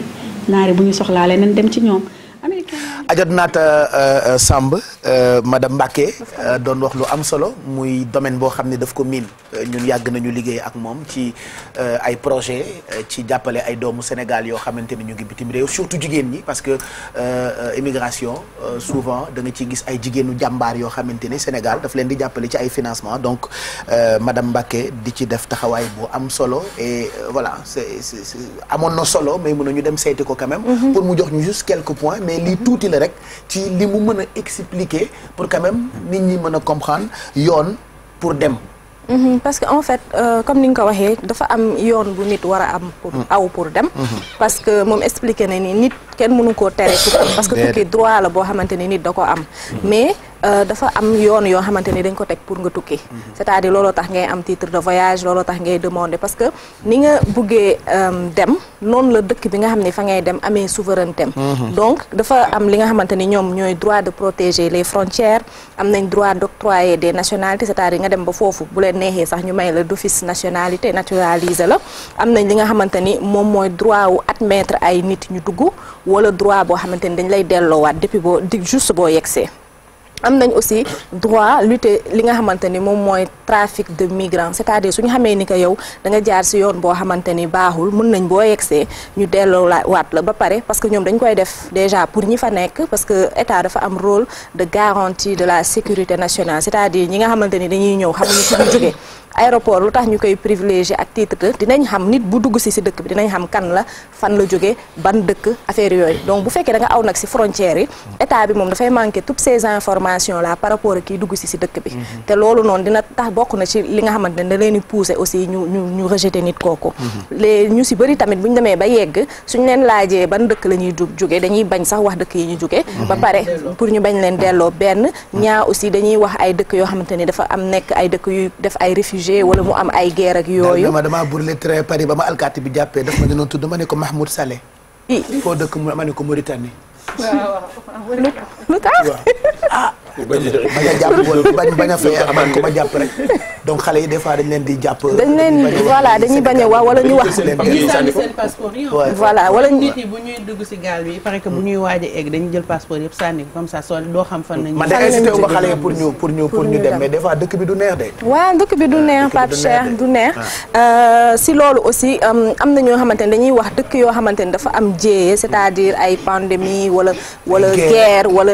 naari bu ñu soxlaa leneen dem ci ñoom Amérique. Ajotunata euh, euh, Samb euh, madame Mbacke doon wax lu am solo muy domaine boo xam ne daf ko miin ñun yàgg nañu liggéey ak moom ci ay projet ci jàppale ay doomu Sénégal yoo xamante ne ñu ngi bitim réew surtout jigéen ñi parce que immigration souvent da nga ciy gis ay jigéenu jàmbaar yoo xamante ne Sénégal daf leen di jàppale ci ay financement donc madame Mbacke di ci def taxawaay bu am solo et voilà c'est amoon na solo mais mën nañu dem seeti ko quand mm-hmm. pour mu jox ñu juste la rek ci li mu mën a expliquer pour quand même nit ñi mën a comprendre yoon pour dem. Mhm, parce que en fait euh, comme ni nga ko waxee dafa am yoon bu nit war a am. pour mhm. aw pour dem. Mhm. parce que moom expliqué na ni nit kenn mënu koo tere tukki parce que tukki droit la boo xamante ni nit da ko am mais. Euh, dafa am yoon yoo xamante ni dañ ko teg pour nga tukki mhm. c'est-à-dire looloo tax ngay am titre de voyage looloo tax ngay demander parce que ni nga buggee euh, dem noonu la dëkk bi nga xam ni fa ngay dem amee souveraineté mhm. donc dafa am li nga xamante ni ñoom ñooy droit de protéger les frontières am nañ droit d'octroyer des nationalités c'est-à-dire nga dem ba foofu bu leen neexee sax ñu may la d'office nationalité naturalisé la am nañ li nga xamante ni moom mooy droit wu admettre ay nit ñu dugg wala droit boo xamante ni dañ lay delloowaat depuis boo di juste boo yegsee am nañ aussi droit lutter li nga xamante ni moom mooy trafic de migrants c'est-à-dire suñu xamee ni ko yow da nga jaar si yoon boo xamante ni baaxul mën nañ boo yegsee ñu delloo la waat la ba pare parce que ñoom dañ koy def déjà pour ñi fa nekk parce que état dafa am rôle de garantie de la sécurité nationale c'est-à-dire ñi nga xamante ni dañuy ñëw xamuñu fi ñu jógee aéroport lu tax ñu koy privilégié ak titre dinañ xam nit bu dugg si si dëkk bi dinañ xam kan la fan la jógee ban dëkk affaire yooyu donc bu fekkee da nga aw nag si frontières yi état bi moom dafay manqué toutes ces informations là par rapport ak kiy dugg si si dëkk bi mhm. te loolu noonu dina tax bokk na ci li nga xamante ne da leen di pousser aussi ñu ñu ñu nit kooku mhm. les ñu si bëri tamit bu ñu demee ba yegg suñ leen laajee ban dëkk la ñuy jógee dañuy bañ sax wax dëkk yi ñu jógee mhm. ba pare pour ñu bañ leen delloo benn ñaa aussi dañuy wax ay dëkk yoo xamante ni dafa am nekk ay dëkk yuy def ay réfugiés jugé wala mu am ay guerre ak yooyu. dama damaa brûlé très Paris ba ma alkaati bi jàppee daf ma gënoon tudd ma ne ko Mahmoud Saleh. foo mu ma ne ko Mauritanie. waaw a jàpp wala bañ bañ a fee amal ko ma jàpp rek donc xale yi des dañ leen di jàpp. dañ leen voilà dañuy bañ a waaw wala ñu wax. ñu sànni seen passeport yi. dugg si gaal bi. parce que bu ñuy waaj a egg dañuy jël passeport yëpp sànni comme ça soo doo xam fan nañu. man de incité wu ma xale yi pour ñu dëkk bi du neex de. du neex euh, si loolu aussi euh, am na ñoo xamante ne dañuy wax dëkk yoo xamante ne dafa am jéeye c'est-à-dire ay pandémie wala wala guerre wala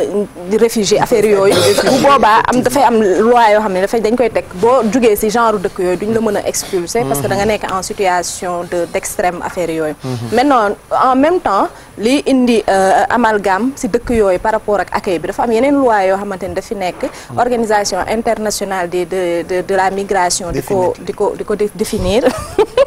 réfugié affaire yooyu bu boobaa am dafay am lois yoo xam ne dafay dañ koy teg boo jugee si genre dëkk yooyu duñ la mën a expulser parce que mhm. da nga nekk en situation de d' extrême affaire yooyu mhm. maintenant en même temps li indi euh, amalgame si dëkk yooyu par rapport ak accueil bi dafa am yeneen loi yoo xamante ni dafi nekk hmm. organisation internationale de de de la migration di ko di ko di ko définir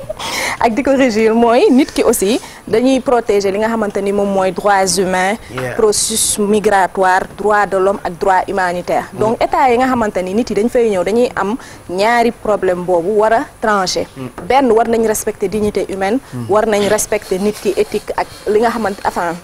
[LAUGHS] ak di ko régir mooy nit ki aussi dañuy protéger li nga xamante ni moom mooy droits humains processus migratoire droit de l'homme ak droit humanitaire hmm. donc état yi nga xamante ni nit yi dañ fay ñëw dañuy am ñaari problème boobu war a tranché hmm. benn war nañ respecter dignité humaine war nañ respecter nit ki éthique ak li nga xamante enfin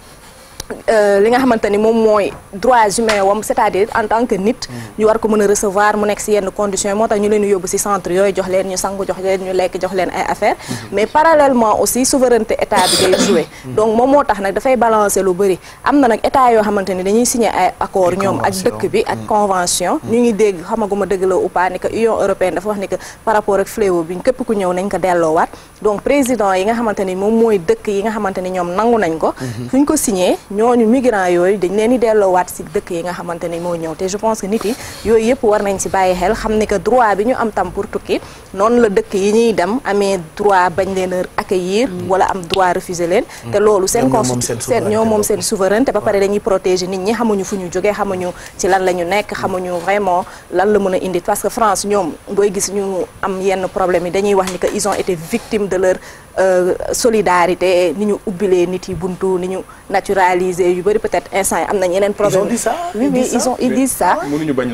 Euh, li nga xamante ni moom mooy droits humains wam c'est-à-dire en tant que nit ñu war ko mën a recevoir mu nekk si yenn condition moo tax ñu leen yóbbu si centre yooyu jox leen ñu sangu jox leen ñu lekk jox leen ay affaires mm-hmm. mais parallèlement aussi souveraineté état bi day jouer mm-hmm. donc moom moo tax nag dafay balancer lu bëri am na nag état yoo xamante ni dañuy signer ay accord ñoom ak dëkk bi ak mm. convention mm. ñu ngi dégg xamaguma dëgg la ou pas ni que union dafa wax ni que par rapport ak fléau képp ku ñëw nañ ko delloowaat donc président yi nga xamante ni moom mooy dëkk yi nga xamante ni ñoom nangu nañ ko suñ mm-hmm. ko signé ñooñu migrants yooyu dañ leen di delloowaat si dëkk yi nga xamante ne moo ñëw te je pense que nit yi yooyu yëpp war nañ si bàyyi xel xam ne que droit bi ñu am tam pour tukki noonu la dëkk yi ñuy dem amee droit bañ leen a accueillir mm. wala am droit refuser leen mm. te loolu seen constitution ñoo moom seen souveraineté ba pare dañuy protéger nit ñi xamuñu fu ñu jógee xamuñu ci lan la ñu nekk xamuñu vraiment lan la mën a indi parce que France ñoom booy gis ñu am yenn problème yi dañuy wax ni que ils ont été victimes de leur euh, solidarité ni ñu ubbilee nit yi buntu ni ñu naturaliser mobiliser yu bëri peut-être instant yi am nañ yeneen problème. ils ont dit bañ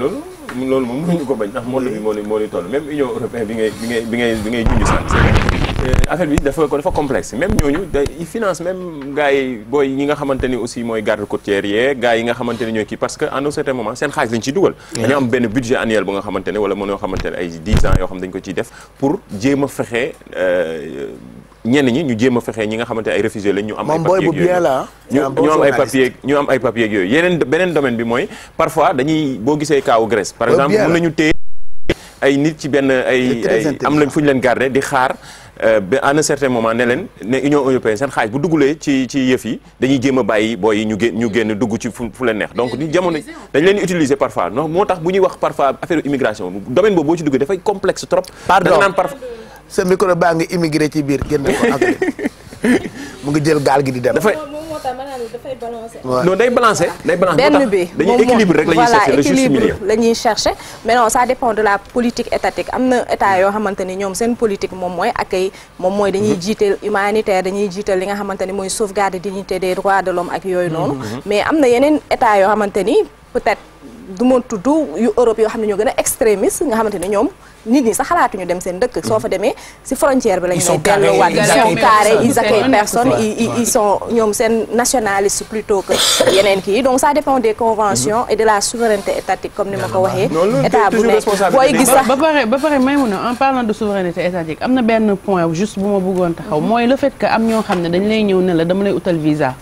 loolu moom mënuñu ko bañ ndax monde ni toll même Union européenne bi bi ngay bi sax. Euh, affaire bi dafa ko dafa complexe même ñooñu day finance même gars booy ñi nga xamante aussi mooy garde côtière yee gars yi nga xamante ñooy kii parce que en un certain moment seen xaalis lañ ciy dugal. dañoo am benn budget annuel bu nga xamante ne wala mën yoo ay 10 ans yoo xam dañ ko ciy def pour jéem a euh, ñenn ñi ñu jéem a fexe ñi nga xamante ay réfugié lañ ñu am ay papier bu bien la ñu am ay papier ñu am ay papier yooyu yeneen beneen domaine bi mooy parfois dañuy boo gisee kaawu Grèce par exemple na ñu téye ay nit ci benn ay ay am lañ fu ñu leen garder di xaar euh, ba à un certain moment ne leen ne Union européenne seen xaaj bu dugulee ci ci yëf yi dañuy jéem a bàyyi booy yi ñu génn génn dugg ci fu fu leen neex donc ni jamono dañ leen utiliser parfois non moo tax bu ñuy wax parfois affaire immigration domaine boobu boo ci duggee dafay complexe trop. sa micro baa ngi immigré ci biir génn ko engrais mu ngi jël gaal gi di dem. dafay non day balancer. day balancer benn bi dañuy équilibre rek la ñuy chercher le la ñuy chercher mais non ça dépend de la politique étatique am na état yoo xamante ni ñoom seen politique moom mooy accueil moom mooy dañuy jiital humanitaire dañuy jiital li nga xamante ni mooy sauvegarde dignité des droits de l'homme ak yooyu noonu. Mm-hmm. mais am na yeneen état yoo xamante ni peut-être du ma tudd yu Europe yoo xam ne ñoo gën a extrémiste nga xamante ni ñoom. nit ñi sax xalaatuñu dem seen dëkk soo fa demee si frontière bi la ñu lay delluwaat ils sont carrés ils accueillent personne ils sont ñoom seen nationaliste plutôt que [COUGHS] yeneen kii donc ça dépend des conventions et de la souveraineté étatique comme ni ma ko waxee état bu ne booy gis sax ba pare ba pare may mun a en parlant de souveraineté étatique am na benn point juste bu ma bëggoon taxaw mhm. mooy le fait que am ñoo xam ne dañ lay ñëw ne la dama lay utal visa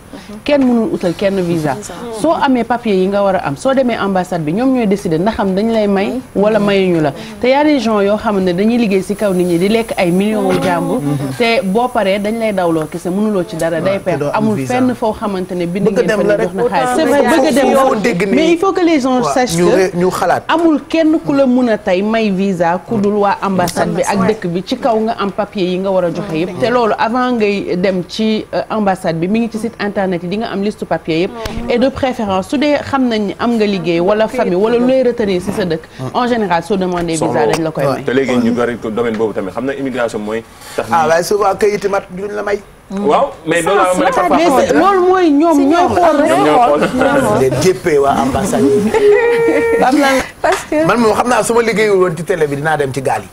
kenn mënul utal kenn visa soo amee papier yi nga war a am soo demee ambassade bi ñoom ñooy décider ndax xam dañu lay may wala mayuñu la te y a des yoo xam ne dañuy liggéey si kaw nit ñi di lekk ay million wu jàmbur mm-hmm. te boo paree dañ lay dawloo kese mënuloo ci dara day perte amul fenn foo xamante ne bind ngeen fa jox na xaalis mais il faut que les gens sachent que ñu xalaat amul kenn ku la mun a tey may visa ku dul waa mm-hmm. ambassade bi ak dëkk bi ci kaw nga am papier yi nga war a joxe yëpp mm-hmm. te loolu avant ngay dem ci euh, ambassade bi mi ngi ci site internet internet di nga am liste papier yëpp et de préférence su dee xam nañ am nga liggéey wala famille wala lu lay retenir si sa dëkk ah. en général soo demandé visa dañ la koy may ah, te léegi ñu bari domaine boobu tamit xam na immigration mooy tax ah waaye souvent kayit mat duñ la may mm. waaw mais loolu mooy ñoom ñoo xool rek ñoom ñoo xool de jéppee waa ambassade yi [LAUGHS] parce que man moom xam naa su ma liggéeyul woon ci télé bi dinaa dem ci gaal yi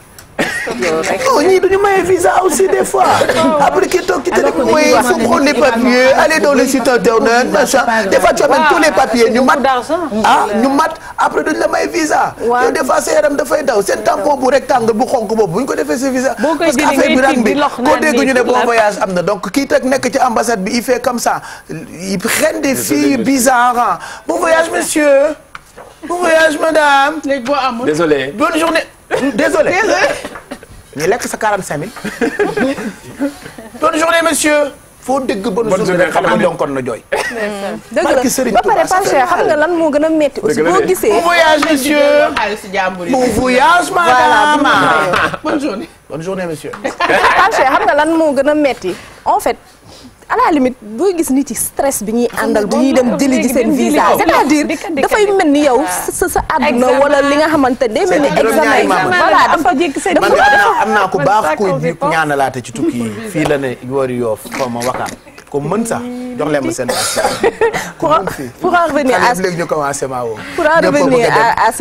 non ñii duñu maye visa aussi des fois. après kii toog ci téléphone mooy il faut prendre les papiers ah, aller dans le site internet machin des fois tu amènes tous les papiers mat ah ñu mat après duñu la maye visa. waaw des fois sa yaram dafay daw seen tampon bu rectangle bu xonk boobu bu ñu ko defee se visa. parce que affaire bi rang bi koo dégg ñu ne bon voyage am na donc kii teg nekk ci ambassade bi il fait comme ça il prend des bon voyage monsieur. Bon voyage madame. Léegi boo ñu lekk sa 45000. [LAUGHS] bonne journée monsieur. foo dégg bon journée rek xam nga donkoon jooy. dëgg la ba pare par cher xam nga lan moo gën a métti aussi boo gisee. bon voyage monsieur bon voyage madame. journée. bonne journée monsieur. par cher xam nga lan moo gën a métti en fait. à la limite gis nit yi stress bi ñuy àndal bu ñuy dem jëli ji seen visa c'est-à-dire dafay mel ni yow ah. sa sa na wala li nga xamante day mel ni examen voilà dafa dafa am naa ku baax ku ñaanalaate ci tukki yi fii la ne yoori yoof xaw ma wakaan ko mën sax jox leen ma seen pour pour en revenir à léegi ñu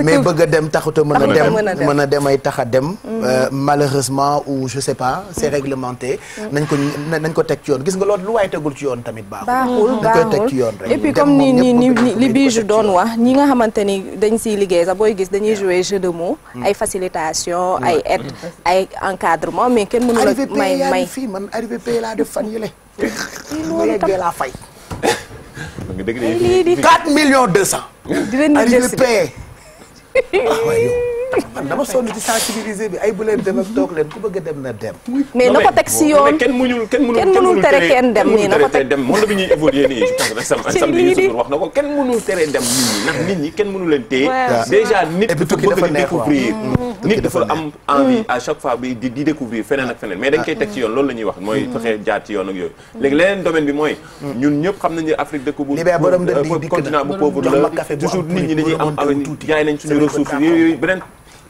mais bëgg a dem taxuta mën a dem mën a dem ay tax a dem mm-hmm. euh, malheureusement ou je sais pas c'est réglementé mm-hmm. nañ ko nañ ko teg ci yoon gis nga loolu lu waaye tegul ci yoon tamit baaxul baaxul koy teg ci yoon rek et puis comme ni ni li Bijou doon wax ñi nga xamante ni dañ siy liggéey sax booy gis dañuy jouer jeu de mots mm. ay facilitation ay aide ay encadrement mais kenn mënu la may may fii man arrivé laa def fan yële kii loolu tam laa fay. nga dégg 4 millions 200. dinañ la jël si arrivé payé. [LAUGHS] ah man dama sonn ci sensibiliser bi ay bu leen dem ak toog leen ku bëgg a dem na mais na ko teg si yoon kenn mënul kenn tere kenn dem nii na ko ñuy évoluer nii je pense que [LAUGHS] sam samedi Youssou wax na ko kenn mënul tere dem nit ñi ndax nit ñi leen téye déjà nit dafa mm. am envie mm. à chaque fois bi di découvrir feneen ak feneen mais dañ koy teg ci yoon loolu la ñuy wax mooy mm. fexe jaar ci yoon ak yooyu léegi leneen domaine bi mooy ñun ñëpp xam nañu Afrique dëkk bu euh, continent bu pauvre la toujours nit ñi dañuy am yaay nañ suñu ressources yooyu beneen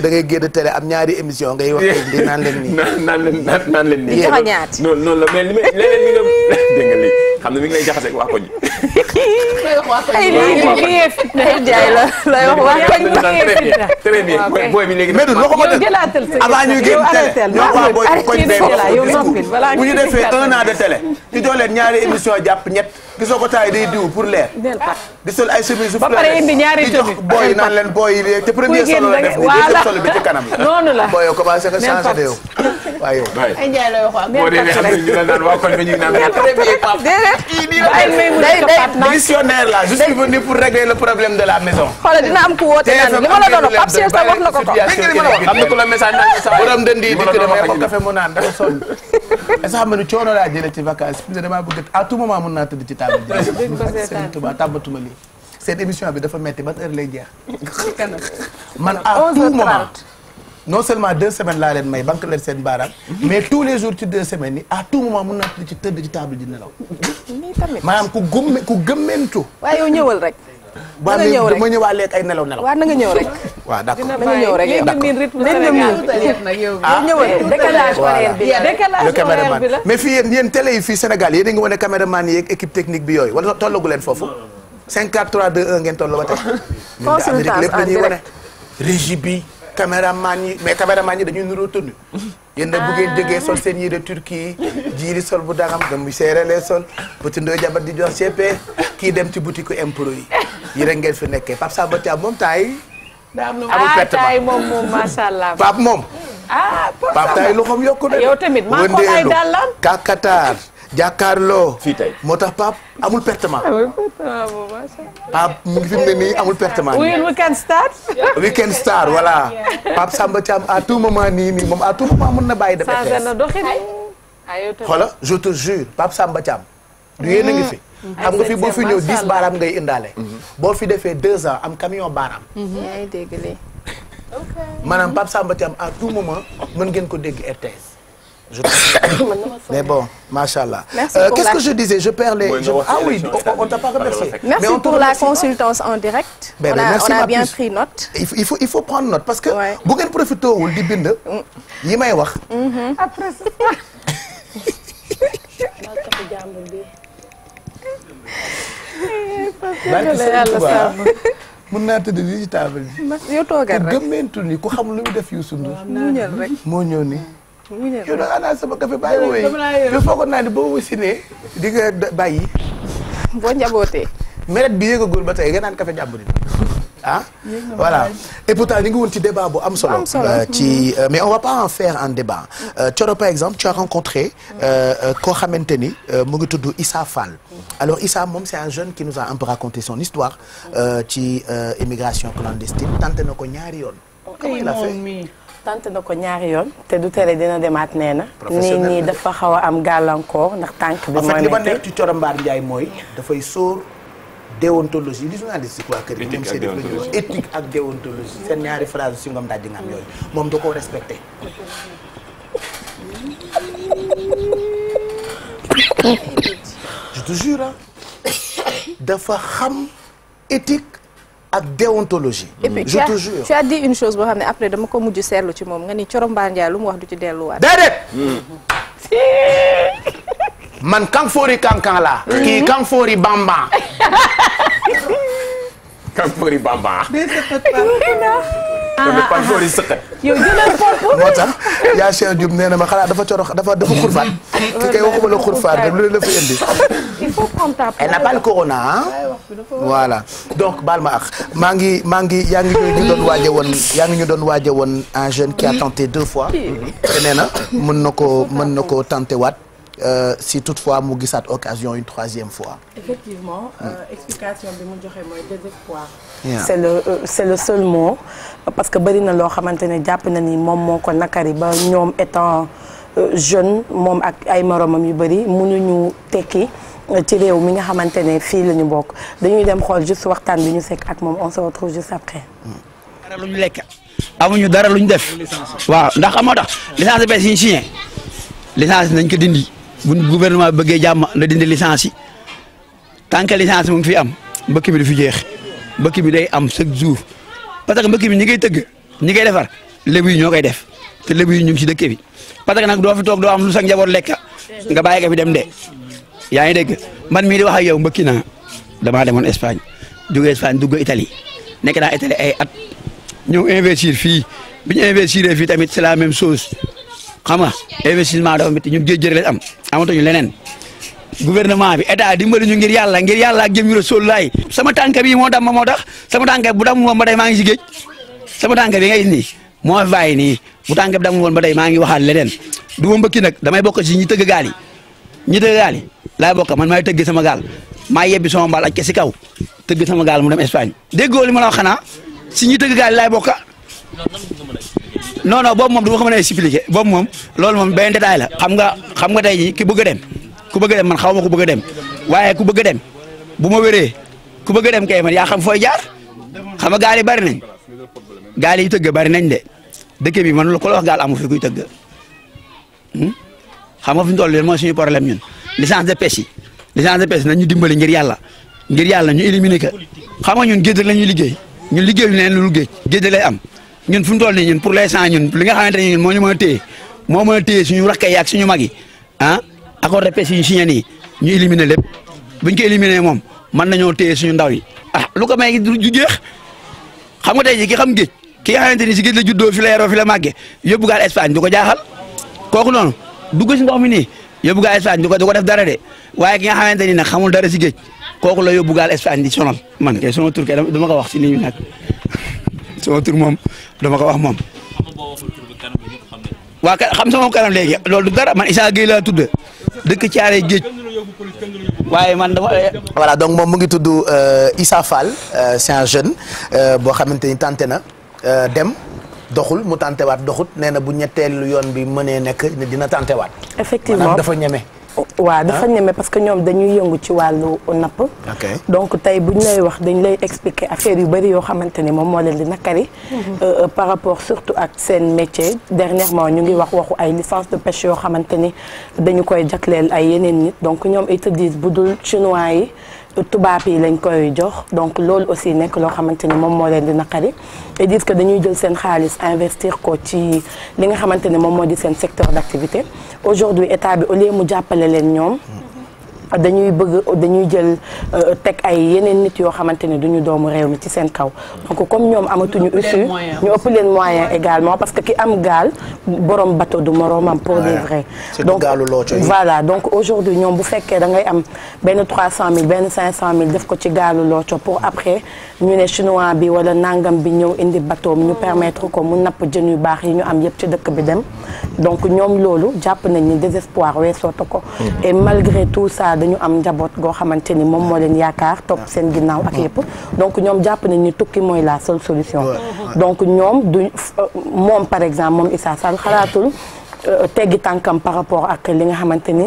léegi da ngay génn télé am ñaari émission ngay wax di naan leen nii. [LAUGHS] naan leen naan leen ñaat noonu la mais li may leneen mi [LAUGHS] ngi lay jaxase ak koñ. [LAUGHS] ay lii lii yee fitna jaay la lay wax waa koñ bi très bien booy bi léegi. mais du loo ko mën a avant ñuy génn télé ñoo waa booy koñ gisoo ko taay day diw pour leer. di sol ay chemise ba pare indi ñaari di jox booy naan leen booy yi te premier solo la def nii solo bi ci kanam la. noonu la booy yow commencé nga changé de yow. waaye yow ay njaay la yoo xam boo demee xam nañ ñu la naan waa kon ñu ngi naan. déedéet missionnaire la je suis venu pour régler le problème de la maison. xoolal dina am ku woote naan li ma la doon Pape Cheikh sax wax na ko ko. am na ku la message naan sa borom dënd yi dikk dama ko café mu naan dafa sonn est-ce que xam nga ni coono laa jëlee ci vacances bi damaa bëgg à tout moment mën naa ci table bi. Serigne dafa metti ban heure lay jeex. [LAUGHS] man à tout moment. non seulement deux semaines laa leen may banque leen seen baaraam. mais tous les jours ci deux semaines yi à tout moment mën naa tëdd ci tëdd ci table di nelaw. [LAUGHS] maanaam ku gëmme ku gëmmentu. waaye yow ñëwal rek. na nga ñëw rek ma ñëwaat léegi ay nelaw nelaw. waaw na nga ñëw rek. [LAUGHS] waaw d' accord na nga ñëw rek yow d' accord bi la. mais fii yéen yéen télé yi fii Sénégal yéen a ngi wane caméraman yeeg équipe technique bi yooyu wala tollagu leen foofu. 5 4 3 2 1 ngeen toll ba tey. consultation en direct lépp la ñuy wane régie bi caméraman yi mais caméraman yi dañuy nuroo tënnu. yéen nag bu ngeen ah. jógee sol seen yére Turquie jiiri sol bu dagam dem seere les sol bëti jabar di jox CP kii dem ci boutique impro yi yére ngeen fi nekkee Pape Samba Thiam moom taay. amul ah, taay moom moom macha allah. Pape moom. ah Pape taay loxoom yokku na. yow tamit maa ko ay dàllam. kakataar. jàkkaarloo. fii tey moo tax Pape amul pertement. amul pertement boobu macha allah. Pape mu ngi fi mu ne nii amul pertement. oui weekend star. weekend star voilà. Pape Samba Thiam à tou moment nii nii moom à tout moment mën na bàyyi def. changé na doxin xoola je te jure Pape Samba Thiam. du yéen a ngi fi. Mm-hmm. xam nga fi boo fi ñëw dix baaraam ngay indaale. Mm-hmm. boo fi defee deux ans m camion baaraam. Mm-hmm. yaa ngi dégg lii. [LAUGHS] maanaam Pape Samba Thiam à tout moment mën ngeen ko dégg je [COUGHS] mais bon macha allah. merci euh, pour qu'est-ce la... que je disais je perds les. Je... ah oui on, on t'a pas remercié. merci on pour la consultance en direct. Ben on a merci, on a bien pris note. il faut il faut prendre note parce que. bu ngeen profité wul di bind. Mm. yi may wax. Mm-hmm. après ça. [LAUGHS] mën naa tëdd di ci table bi. yow toogal rek ku gëmmeentu ni ku xam lu mu def Youssou Ndour. moo ñëw rek moo ñëw ni. yow da ngaa naan sama café bàyyi wooyi te foogoon naa ne boo wasinee di nga bàyyi. boo njabootee. meret bi yëngagul ba tey nga naan café jàmbur yi [LAUGHS] ah e et pourtant ñu ngi woon ci débat bu am solo euh, ci mm-hmm. euh, mais on va pas en faire un débat mm-hmm. euh, Thioro par exemple tu as rencontré koo xamante ni mu ngi tudd Issa Fall mm-hmm. alors Issa moom c'est un jeune qui nous a un peu raconté son histoire ci immigration clandestine tenté na ko ñaari yoon tante na ko ñaari yoon te du tere dina demaat nee na nii nii dafa xaw a am gàllankoor ndax tànk bi moo nekk ma nekk ci Coro Mbaar mooy dafay sóor déontologie li journaliste quoi kër gi ñoom seen def la ñu ak déontologie ñaari phrase si ngom daal di nga am yooyu moom da koo respecté dafa xam éthique ak déontologie. et puis une chose boo xam ne après dama ko mujj seetlu ci moom nga ni Coro lu mu wax du ci delluwaat. déedéet. man kanfoori kankan laa. Mm-hmm. kii kanfoori bamban. [LAUGHS] kankoori bamba. ah ah, ah. yow jëlal moo tax yaa Cheikh Diouf nee na ma xalaa dafa corox dafa dafa xurfaat. te kay waxuma la xurfaat lu la fa indi. il n'a pas le corona donc bal ma ak maa ngi maa ngi yaa ngi ñu doon waaje woon yaa ngi ñu doon waaje woon un jeune qui a tenté deux fois. te nee na mën na koo mën na koo tenté waat. Euh, si toutefois mu gisaat occasion une troisième fois. effectivement euh, bi mu joxe mooy désespoir. c'est le euh, c'est le seul mot parce que bari na loo xamante ne jàpp na ni moom moo ko nakari ba ñoom étant euh, jeune moom ak ay moromam yu bari mënuñu tekki. ci réew mi nga xamante ne fii la ñu bokk dañuy dem xool juste waxtaan bi ñu sekk ak moom on se retrouve juste après. dara lu ñu lekk amuñu dara lu ñu def. waaw ndax amoo tax licence bees yi ñu signé licence nañ ko dindi. bu gouvernement bi bëggee jàmm na dindi licence yi tant que mu ngi fi am mbëkk mi du fi jeex mbëkk mi day am chaque jour parce que mbëkk mi ñi ngay tëgg ñi ngay defar lébu yi ñoo koy def te lébu yi ñu ngi si dëkk bi parce que nag doo fi toog doo am lu sax njaboot lekk nga bàyyi ko fi dem de yaa ngi dégg man mii di wax ak yow mbëkki naa damaa demoon Espagne jógee Espagne dugg Italie nekk naa Italie ay at ñëw investir fii bi ñu investir fii tamit c'est la même chose. xam nga investissement dafa métti ñun géej jër lañ am amatuñu leneen gouvernement bi état dimbali ñu ngir yàlla ngir yàlla ak jëm ñu Rasuul laay sama tànk bi moo dam ma moo tax sama tànk bu dam moom ba day maa ngi si géej sama tànk bi ngay ni nii moo bàyyi nii bu tànk bi dam woon ba day maa ngi waxaat leneen du ma mbëkki nag damay bokk si ñi tëgg gaal yi ñi tëgg laay bokk man maay tëgg sama gaal maa yebbi sama mbaal ak si kaw tëgg sama gaal mu dem Espagne déggoo ma la wax xanaa si ñi tëgg gaal bokk non non boobu moom du ma ko mën a expliquer moom lool moom benn détail la xam nga xam nga tey jii ki bëgg dem ku bëgg dem man xaw ma ku bëgg a dem waaye ku bëgg dem bu ma wéree ku bëgg dem kay man yaa xam fooy jaar xam nga gaal bari nañ gaal yi tëgg bari nañ de dëkk bi man ku la wax gaal amu fi kuy tëgg hmm? xam nga fi ñu toll mooy suñu problème ñun licence de pêche yi licence de pêche nañ ñu dimbali ngir yàlla ngir yàlla ñu éliminer ko xam nga ñun géej rek la ñuy liggéey ñun liggéey lu lu géej géej lay am ñun fu mu toll nii ñun pour l'instant ñun li nga xamante ne ñun moo ñu mën téye moo mën a téye suñu rakk yi ak suñu mag yi ah accord de paix suñu signé nii ñu éliminer lépp buñ ko éliminer moom mën nañoo téye suñu ndaw yi ah lu ko may du jeex xam nga tey jii ki xam géej ki nga xamante ni si géej ju juddoo fi la yaroo fi la màggee yóbbu gaal Espagne du ko jaaxal kooku noonu dugg si ndox mi nii yóbbu gaal Espagne du ko ko def dara de waaye ki nga xamante ni nag xamul dara si géej kooku la yóbbu gaal Espagne di man kay sama tur kay dama ko wax si nii nag sama tur moom dama ko wax moom. waaw xam sama kanam léegi loolu du dara man Issa Gueye laa tudd dëkk Thiaré Géej. waaye man dama voilà donc moom mu ngi tudd euh, Issa Fall euh, c'est un jeune euh, boo xamante ni tenté na dem doxul mu tenté waat doxut nee na bu ñetteelu yoon bi mënee nekk dina tenté waat. effectivement dafa ñeme. waaw ah. dafa ñeme parce que ñoom dañuy yëngu ci wàllu napp. donc tey bu ñu lay wax dañ lay expliquer affaire yu bëri yoo xamante ni moom moo leen di nakari. Mhm. Euh, euh, par rapport surtout ak seen métier. dernièrement ñu ngi wax waxu ay licence de pêche yoo xamante ni dañu koy jagleel ay yeneen nit donc ñoom ils te bu dul chinois yi. tubaab yi lañ koy jox donc loolu aussi nekk loo xamante ne moom moo leen di naqari et dire que dañuy jël seen xaalis investir ko ci li nga xamante ne moom moo di seen secteur d'activité aujourd'hui état bi au lieu mu jàppale leen ñoom dañuy bëgg dañuy jël euh, teg ay yeneen nit yoo xamante ni duñu doomu réew mi ci seen kaw donc comme ñoom amatuñu issue ñu ëpp leen moyen également parce que ki am gaal borom bateau du moroomam pour de vrai donc voilà donc aujourd'hui ñoom bu fekkee dangay am benn 300000 benn 500000 def ko ci gaalu looco pour après ñu ne chinois bi wala nangam bi ñëw indi bateau mi ñu permettre ko mu napp jën yu baax yi ñu am yëpp ci dëkk bi dem donc ñoom loolu jàpp nañ ni désespoir weesoota ko mm. dañu am njaboot goo xamante ni moom moo leen yaakaar topp ah. seen ginnaaw ak ah. yëpp donc ñoom jàpp nañ ni tukki mooy la seule solution donc ñoom du moom par exemple moom Issa Sall xalaatul euh, teggi tànkam par rapport ak li nga xamante ni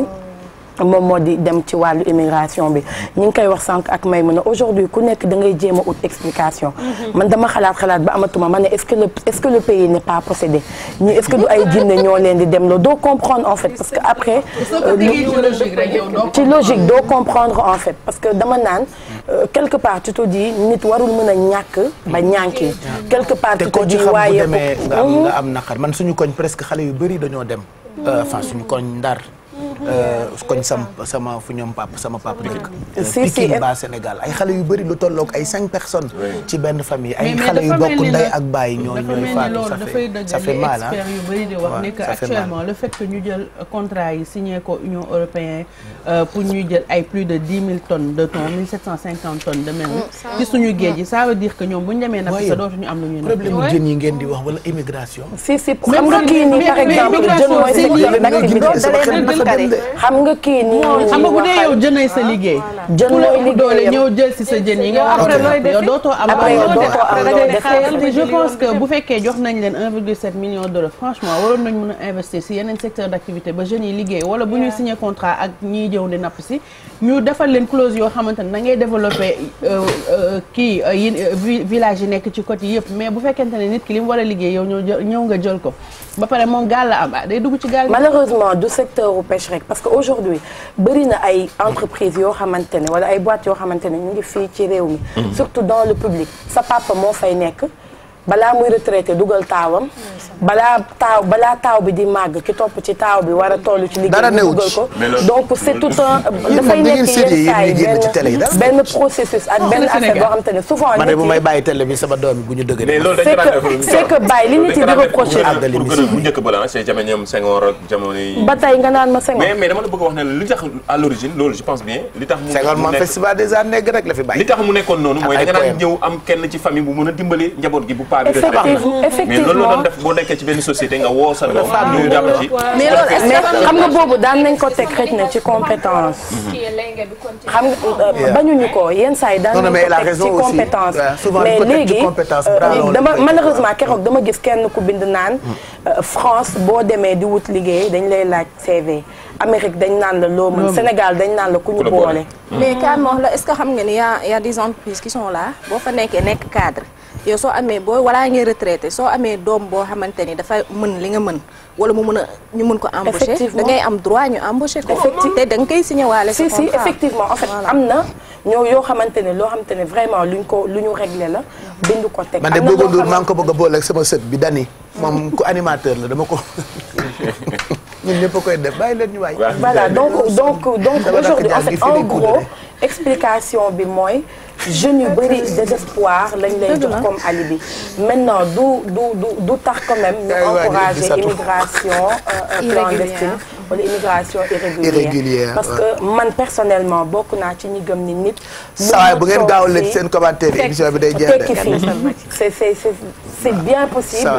moom moo di dem ci wàllu immigration bi ñu ngi koy wax sànq ak may mën a aujourd'hui ku nekk da ngay jéem a ut explication mhm. man dama xalaat xalaat ba amatuma ma ne est-ce que le que le pays n'est pas possédé ñi est-ce que du ay jinne ñoo leen di dem la doo comprendre en fait parce que après euh, ci logique doo comprendre en fait parce que dama naan euh, quelque part tu te dis nit warul mën a ñàkk ba ñànki quelque part tu te dis waaye mhm. nga am naqar man suñu koñ presque xale yu bëri dañoo dem euh, enfin suñu koñ Euh, koñ sam sama fu ñoom pap sama pap dëkk Pikine ba Sénégal ay xale yu bari lu tolloog ay cinq personnes ci benn famille ay xale yu bokk ndey ak bàyyi ñooy ñooy faatu ça fait ça fait mal ah experts yu bëri di wax ne que actuellement le fait que ñu jël euh, jël ay plus de dix mille tonnes de thon mille sept cent cinquante tonnes de mel oh, ci suñu géej gi ça veut dire que ñoom bu ñu demee napp sa dootuñu am mu jën yi di wax wala immigration si si xam nga kii nii par exemple jën mooy xam nga kii nii. xam nga bu dee yow sa ah. liggéey. jën mooy liggéey doole ñëw jël si sa jën yi nga. après looy def yow am. après yow je pense que bu fekkee jox nañ leen 1,7 million de dollars franchement waroon nañ mën a investir si yeneen secteur d' ba jeunes yi liggéey wala bu ñuy signé contrat ak ñiy jëw napp si ñu defal leen close yoo xamante ne da ngay développé euh, euh, kii euh, yi village yi nekk ci côté yëpp mais bu fekkente ne nit ki li mu war a liggéey yow ñëw nga jël ko ba pare moom gaal la am ah, day dugg ci gaal malheureusement du secteur u rek parce que aujourd'hui bëri na ay entreprise yoo xamante ne wala ay boîtes yoo xamante ne ñu ngi fii ci réew mi mm-hmm. surtout dans le public sa papa moo fay nekk balaa muy retraité dugal taawam. balaa taaw bi di màgg ki topp ci taaw bi war a ci liggéey bi dugal ko donc c'est tout un nekk yenn man bu may bàyyi télé bi sama doom bi bu ñu dëgg c'est que bàyyi li nit yi di reproché bu njëkk ba la c'est jamais ñoom à l'origine rek la fi bàyyi li tax mu nekkoon noonu mooy nga naan ñëw am kenn ci famille bu mën a dimbali njaboot gi bu pas bi. effectivement mais loolu la doon def boo nekkee ci benn société nga woo sa doom. ñu jàpp ci mais loolu mais xam nañ ko teg xëj na ci compétence. Mhm. Euh, bañuñu ko yenn saa yi daan nañ ko teg ci compétence. Euh, mais léegi dama malheureusement keroog dama gis kenn ku bind naan mm. euh, France boo demee di wut liggéey dañ lay laaj CV. Amérique dañ naan la loo mën Sénégal dañ naan la ku ñu boole. Mm. mais Kaam wax est-ce que xam nga ni y a y a des entreprises qui sont là boo fa nekkee nekk cadre. yow soo amee boo walaa ngay retraité soo amee doom boo xamante ni dafa mën li nga mën wala mu mën a ñu mën ko embaucher da ngay am droit ñu embaucher ko te da si si effectivement en fait am na ñoo yoo xamante ne loo xamante ne vraiment luñ ko lu ñu réglé la bind ko teg man de boobu Ndour maa ngi ko bëgg a boole ak sama sët bi dani moom ku animateur la dama ko [LAUGHS] ñun ñëpp koy def bàyyi leen ñu waay voilà donc donc donc aujourd'hui en fait en gros explication bi mooy jeunes yu bëri désespoir lañ lay jox comme alibi maintenant du du du du tax quand même ñu encourager immigration euh, euh, clandestine wala immigration irrégulière parce que man personnellement bokk naa ci ñi gëm ni nit saa bu ngeen gaaw lekk seen commentaire émission bi day jeex tekki fii c'est c'est c'est bien possible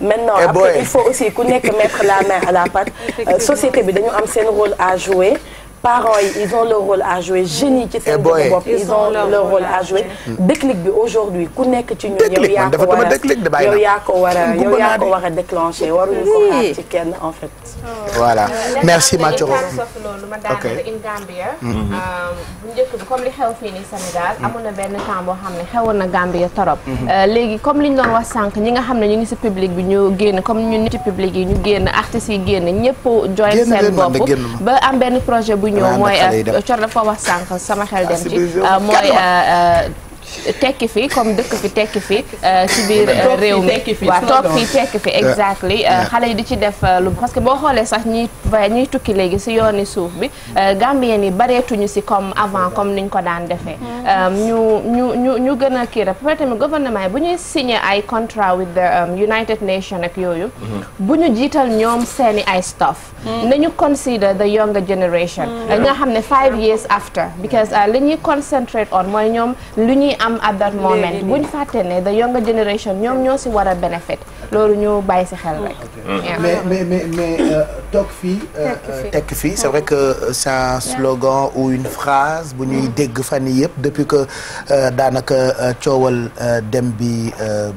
maintenant eh après il faut aussi ku nekk mettre la a à la pâte [LAUGHS] euh, société bi dañu am seen wol à jouer parents yi ils ont leur rôle yi ci seen bopp ils ont leur rôle hmm. bi aujourd'hui ku nekk ci ñun yow yaa ko war a hmm. yow yaa ko kenn en fait voilà euh, merci Mathioro loolu ma daana la in Gambia hmm, euh, bu njëkk bi comme li xew fii nii Sénégal amoon na benn temps boo xam ne xewoon na Gambia euh, comme li ñu doon wax sànq ñi nga xam ne ñu ngi si public bi ñu génn comme ñu nit ci yi ñu génn artistes yi génn ñëpp join seen bopp ba am benn projet bu ñëw mooy cor euh, dafa wax sànq sama xel dem ah, ci euh, mooy tekki fi comme dëkk fi tekki fi euh, ci biir euh, réew mi waaw toog fi tekki fi exactly euh, xale yi di ci def lu parce que boo xoolee sax ñiy ñiy tukki léegi si yooni suuf bi gambien ni bareetuñu si comme avant comme niñ ko daan defee mm-hmm. ñu ñu ñu ñu gën a kii rek peut-être tamit gouvernement yi bu ñuy signé ay contrat with the um, United Nations ak yooyu mm-hmm. bu ñu jiital ñoom seeni ay stuff mm-hmm. nañu consider the younger generation nga xam ne five years after because li concentrate on mooy ñoom lu ñuy am at that moment buñ fàtte ne the younger generation ñoom ñoo si war a benefit loolu ñu bàyyi si xel rek mais mais mais mais euh, toog fii euh, euh, tekk fii c'est vrai que c'est un slogan ou une phrase bu ñuy dégg fan yi yëpp depuis que daanaka coowal dem bi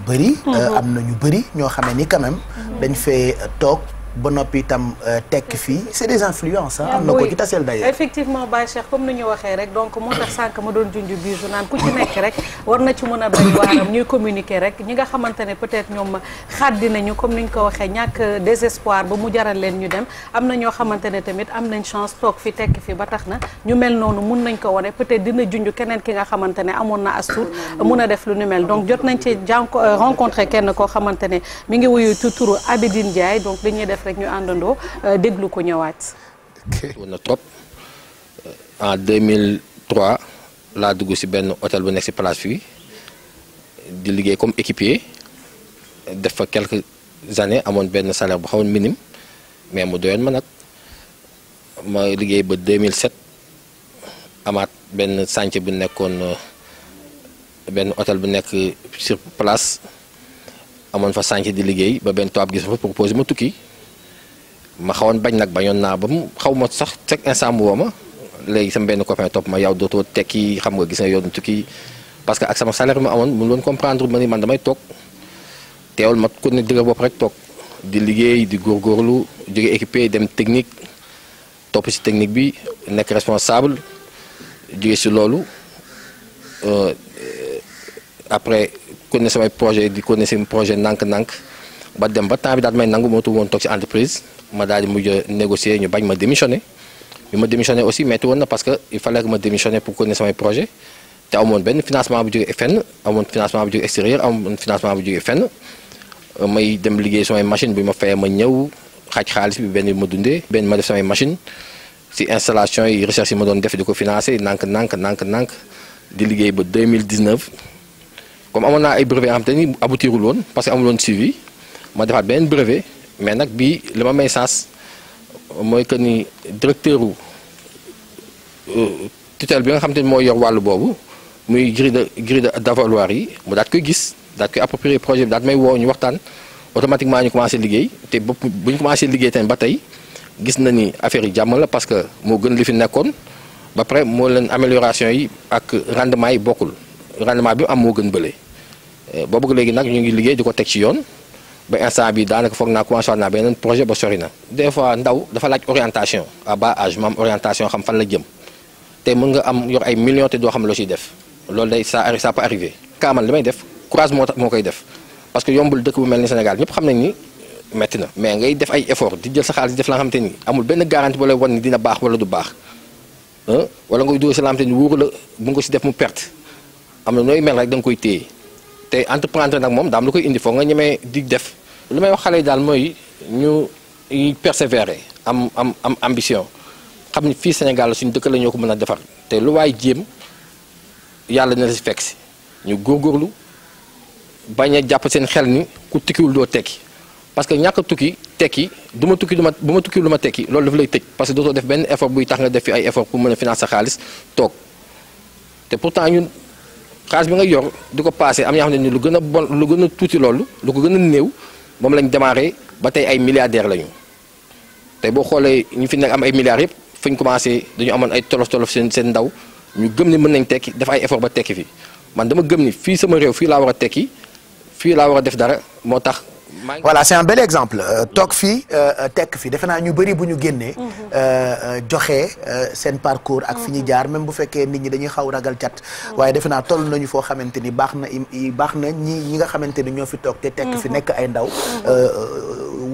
bëri mm-hmm. am na ñu bëri ñoo xamee ni quand mm-hmm. dañ fee toog ba noppi itam euh, tekk fii c'est des influences am na ko ci taseel d'ailleurs effectivement Baye Cheikh comme ni ñu waxee rek donc moo tax sànq ma doon junj bii naan ku ci nekk rek war na ci mën a béy ñuy communiquer rek ñi nga xamante ne peut-être ñoom xaddi nañu comme ni ñu ko waxee ñàkk désespoir ba mu jaral leen ñu dem am na ñoo xamante ne tamit am nañ chance toog fi tekk fii ba tax na ñu mel noonu mun nañ ko wane peut-être dina junj keneen ki nga xamante ne amoon na astuut mun a def lu nu mel donc jot nañ ci euh, rencontré kenn koo xamante ne mi ngi wuyu tuturu Abidine Ndiaye donc dañuy def rek ñu àndandoo euh, déglu ko ñëwaat. woon na trop euh, en mille 2003 laa dugg si benn hôtel bu nekk si place fii di liggéey comme équipier def fa quelques années amoon benn salaire bu xawoon minime mais mu doyoon ma nag ma liggéey ba mille 2007 amaat benn chantier bu nekkoon euh, benn hôtel bu nekk sur place amoon fa sance di liggéey ba benn tubaab gis ma proposé ma tukki. ma xawoon bañ nag bañoon naa ba mu xaw ma sax chaque instant woo ma léegi sama benn copain topp ma yow dootoo tekki xam nga gis nga yoonu tukki parce que ak sama salaire ma amoon mënu loon comprendre ma ni man damay toog teewul ma ko ne dëgër bopp rek toog di liggéey di góor góorgóorlu jóge équipé dem technique topp si technique bi nekk responsable jóge si loolu euh, après kon ne samay projet di ku ne projet nànk-nànk ba dem ba temps bi daal may nangu mootu woon toog si entreprise ma daal di mujj négocier ñu bañ ma démissionné bi ma démissionné aussi metti woon na parce que il fallait que ma démissionné pour connaître samay projet te amoon benn financement bu jógee fenn amoon financement bu jógee may dem liggéey samay machine bi ma fayee ma ñëw xaaj xaalis bi benn ma dundee benn ma def samay machine si installation yi recherche yi ma doon def di ko financé nank nank nank nank di liggéey ba 2019 comme amoon naa ay brevet yoo xam te ni aboutirul parce que amul woon suivi ma defaat beneen brevet mais nag bii li ma may saas mooy que ni directeur u euh, tutelle bi nga xam te ni moo yor wàllu boobu muy grille grille d'avaloir yi mu daat koy gis daat koy approprier projet bi daat may woo ñu waxtaan automatiquement ñu commencé liggéey te bopp bu ñu commencé liggéey tamit ba tey gis na ni affaire yi jàmm la parce que moo gën li fi nekkoon ba pare moo leen amélioration yi ak rendement yi bokkul rendement bi am moo gën bële euh, boobu léegi nag ñu ngi liggéey di ko teg ci yoon ba instant bi daanaka foog naa commencé naa beneen projet ba sori na des fois ndaw dafa laaj orientation à bas âge mu am orientation xam fan la jëm te mën nga am yor ay millions te doo xam loo ciy def loolu day ça ça peut arriver kaaman li may def courage moo tax moo koy def parce que yombul dëkk bu mel ni Sénégal ñëpp xam nañ ni metti na mais ngay def ay effort di jël sa xaalis def la nga xamante ni amul benn garantie bu lay wan ni dina baax wala du baax wala ngay dóor si la nga xamante la bu nga ko si def mu perte am na nooy mel rek da nga koy téye te entreprendre nag moom daam lu koy indi foog nga ñemee di def lu may wax xale yi daal mooy ñu persévérer am am am ambition xam ni fii Sénégal suñ dëkk lañoo ko mën a defar te lu waay jéem yàlla na la si fekk si ñu góor góorlu bañ a jàpp seen xel ni ku tukkiwul doo tekki parce que ñàkk tukki tekki du ma tukki du ma bu ma tukki lu ma tekki loolu daf lay tëj parce que dootoo def benn effort buy tax nga def fi ay effort pour mën a financer xaalis toog te pourtant xaalis bi nga yor di ko passé am ñoo xam ne ni lu gën a bon lu gën a tuuti loolu lu ko gën a néew moom lañ démarré ba tey ay milliardaire lañu tey boo xoolee ñu fi nekk am ay milliards yëpp fu ñu commencé dañu amoon ay tolof tolof seen seen ndaw ñu gëm ni mën nañ tekki def ay effort ba tekki fii man dama gëm ni fii sama réew fii laa war a tekki fii laa war a def dara moo tax. voilà c'est un bel exemple euh, toog fii euh, tekk fii defe naa ñu bëri bu ñu génnee mhm. euh, joxe seen parcours ak fi ñu mhm. jaar même bu fekkee nit ñi dañuy xaw ragal cat mhm. waaye defe naa toll nañu foo xamante ni baax na baax na ñi ñi nga xamante ni ñoo fi toog te tekk fi nekk ay ndaw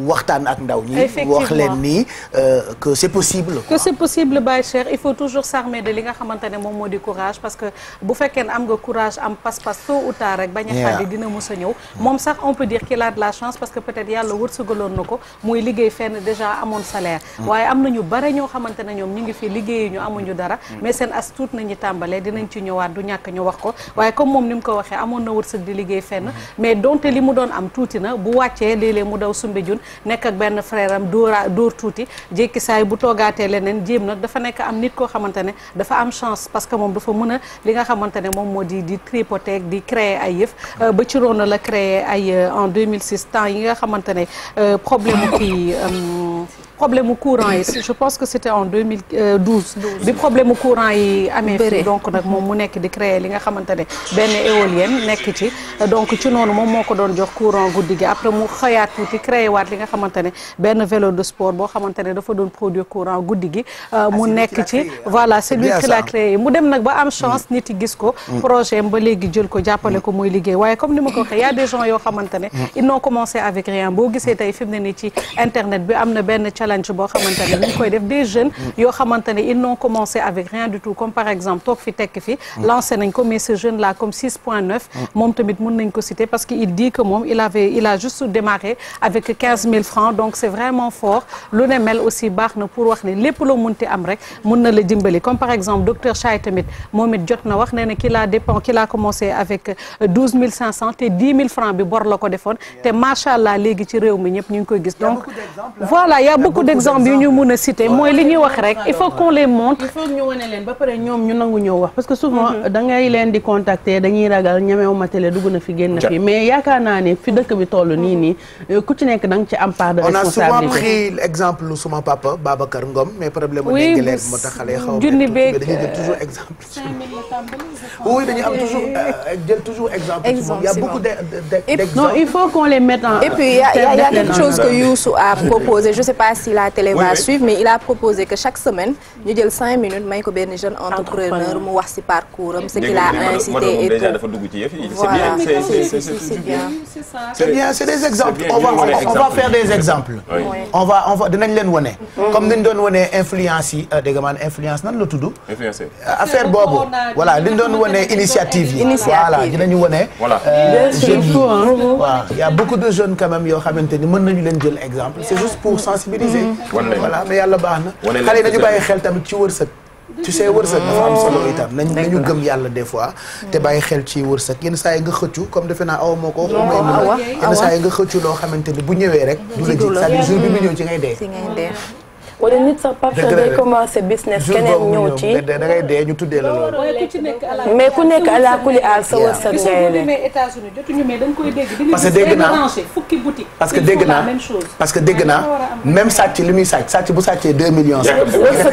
waxtaan ak ndaw ñi wax leen nii euh, que c'est possible que c'est possible Baye Cheikh il faut toujours s'armer de li nga xamante ne moom moo di courage parce que bu fekkee ne am nga courage am pas-pas tôt ou tard rek bañ a dina mos a ñëw moom sax on peut dire qu'il a de la chance parce que peut-être yàlla wërsëgaloon na ko muy liggéey fenn déjà amoon salaire mm. waaye am nañu bare ñoo xamante ne ñoom ñu ngi fi liggéeyi ñu amuñu dara mm. mais seen as tuut nañu tàmbalee dinañ ci ñëwaat du ñàkk ñu wax ko waaye comme moom ni mu ko waxee amoon na wërsëg di liggéey fenn mm. mais donte li mu doon tuuti na bu wàccee léeg-léeg mu daw sumbe nekk ak benn frère am dóora dóor tuuti jékki saay bu toogaatee leneen jéem nag dafa nekk am nit koo xamante ne dafa am chance parce que moom dafa mën a li nga xamante ne moom moo di di tripoter di créer ay yëf euh, ba ci roona la créer ay euh, en 2006 temps yi nga xamante ne euh, problème ki problème mu courant yi je pense que c' était en 2012. bi problème mu courant yi amee fii donc moom mu nekk di créer li nga xamante ne benn éolienne nekk ci donc ci noonu moom moo ko doon jox courant guddi gi après mu xëyaat tuuti créé waat li nga xamante ne benn vélo de sport boo xamante ne dafa doon produire courant guddi gi euh, mu nekk ci voilà celui qui l'a créé mu dem nag ba am mm. chance nit yi gis ko mm. projet ba léegi jël ko jàppale ko mm. muy liggéey waaye comme ni ma ko waxee y a des gens yoo xamante ne ils n'ont boo gisee tey fi ne nii ci internet bi am na benn challenge boo xamante ne ñu ngi koy def des jeunes yoo xamante ne ils n'ont commencé avec rien du tout comme par exemple toog fi tekk fi lancé nañ ko mais ce jeune là comme 6.9 tamit mën nañ ko citer parce que dit que moom il a juste démarré avec francs donc c'est vraiment fort lu ne mel aussi baax na pour wax ne lépp loo munti am rek mun na la dimbali comme par exemple docteur Chaye tamit moom it jot na wax nee na ki la dépend ki la commencé avec 12 euh, francs bi bor la ko defoon te macha allah léegi ci réew mi ñëpp ngi koy gis donc beaucoup d'exemples yu ñu mun a citer mooy li ñuy wax rek il faut qu'on les montre. il faut ñu wane leen ba pare ñoom ñu nangu ñëw wax parce que souvent mhm. da ngay leen di contacter dañuy ragal ñemewu ma télé dugg na fi génn fi mais yaakaar naa ne fi dëkk bi toll nii nii mhm. ku ci nekk da nga ci am part de responsabilité. on a souvent pris l'exemple lu suma papa Babacar Ngom mais problème mu dégg leen moo tax xale yi xaw junni beeg dañuy jël euh, toujours exemple. oui dañuy am toujours euh, jël toujours exemple. exemple il y a beaucoup d'exemples. non il faut qu'on les mette en. et puis il y a quelque chose que Youssou a proposé je sais pas. si la télé oui, suivre mais il a proposé que chaque semaine ñu jël cinq minutes may ko benn jeune entrepreneur mu wax si parcours am ce qu'il a incité et tout dafa dugg ci yëf yi voilà c'est bien c'est des exemples on va faire des exemples on va on va dinañ mm. comme niñ doon wone influence yi euh, dégg man influence nan la euh, affaire boobu voilà liñ doon wone initiative euh, y a beaucoup de jeunes quand même yoo xamante ni mën nañu leen jël exemple c'est juste pour sensibiliser gisee. voilà yàlla baax na. xale yi nañu bàyyi xel tamit ci wërsëg. tu sais wërsëg dafa am solo oh. itam nañu nañu gëm yàlla des fois te bàyyi xel ci wërsëg yenn saa yi nga xëccu comme defe naa aw moo ko may yenn saa yi nga xëccu loo xamante ni bu ñëwee rek du la ji c'est-à-dire jour bi mu ñëw ci ngay dee wala nit sax Pape Cheikh day ñu tuddee la loolu nekk à sa wërsëg parce que dégg naa que dégg naa parce que dégg naa même sàcc li muy sàcc sàcc bu sàccee deux millions sax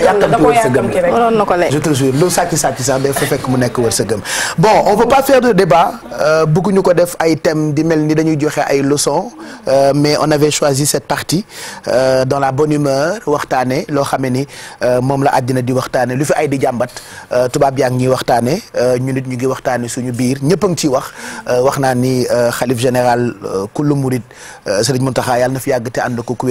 yàkkamti wërsëgam je sax fekk mu nekk wërsëgam bon on veut pas faire de débat euh, bëgguñu ko def ay thème di mel ni dañuy joxe ay leçons euh, mais on avait choisi cette partie euh, dans la bonne humeur waxtaan waxtaane loo xamee ni euh, moom la àddina di waxtaane lu fi ay di jàmbat euh, tubaab yaa ngi ñuy waxtaane euh, ñu nit ñu ngi waxtaane suñu biir ñëpp a ngi wax wax naa ni xalif général kullu murid Serigne Mountakha yàlla na fi yàgg te ko ku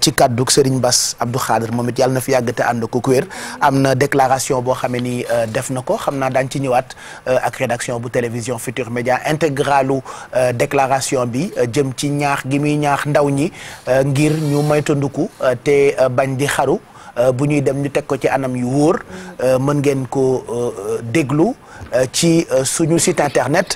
ci kaddu Serigne Bass Abdou Khader moom it yàlla na fi yàgg te ànd ko ku wér am na déclaration boo xamee ni def na ko xam naa daañ ci ñëwaat ak rédaction bu télévision Futur Média intégralu déclaration bi jëm ci ñaax gi muy ñaax ndaw ñi ngir ñu moytandiku te bañ di xaru euh, bu ñuy dem ñu teg ko ci anam yu wóor euh, mën ngeen ko euh, déglu ci suñu site internet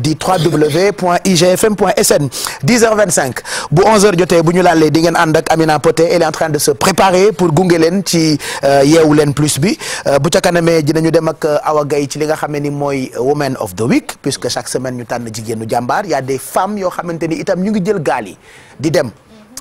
di www.igfm.sn 10h25 bu 11h jotee bu ñu laalee di ngeen ànd ak Amina Poté elle est en train de se préparer pour gunge leen ci yeewu leen plus bi bu ca kanamee dinañu nañu ak Awa Gaye ci li nga xam ne ni mooy women of the week puisque chaque semaine ñu tànn jigéenu jàmbaar y a des yoo xamante ni itam ñu ngi jël gaal yi di dem.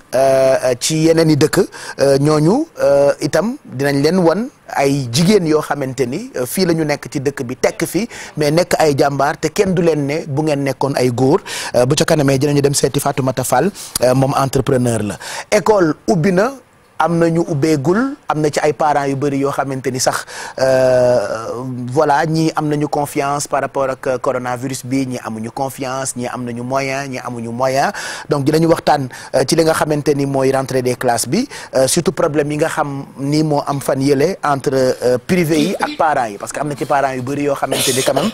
Euh, ci yeneen i dëkk euh, ñooñu euh, itam dinañ leen wan ay jigéen yoo xamante ni fii la ñu nekk ci dëkk bi tekk fi mais nekk ay jàmbaar te kenn du leen ne bu ngeen nekkoon ay góor bu ca kanamee dinañu dem seeti Fatoumata Fall moom entrepreneur la école ubbi na am na ñu ubbeegul am na ci ay parent yu bëri yoo xamante ni sax euh, voilà ñii am nañu confiance par rapport ak euh, coronavirus bi ñii amuñu confiance ñii am nañu moyen ñii amuñu moyen donc dinañu waxtaan euh, ci li nga xamante ni mooy rentre des classes bi surtout problème yi nga xam ni moo am fan yële entre privé yi ak parents yi parce que am na ci parent yu bëri yoo xamante ni quand même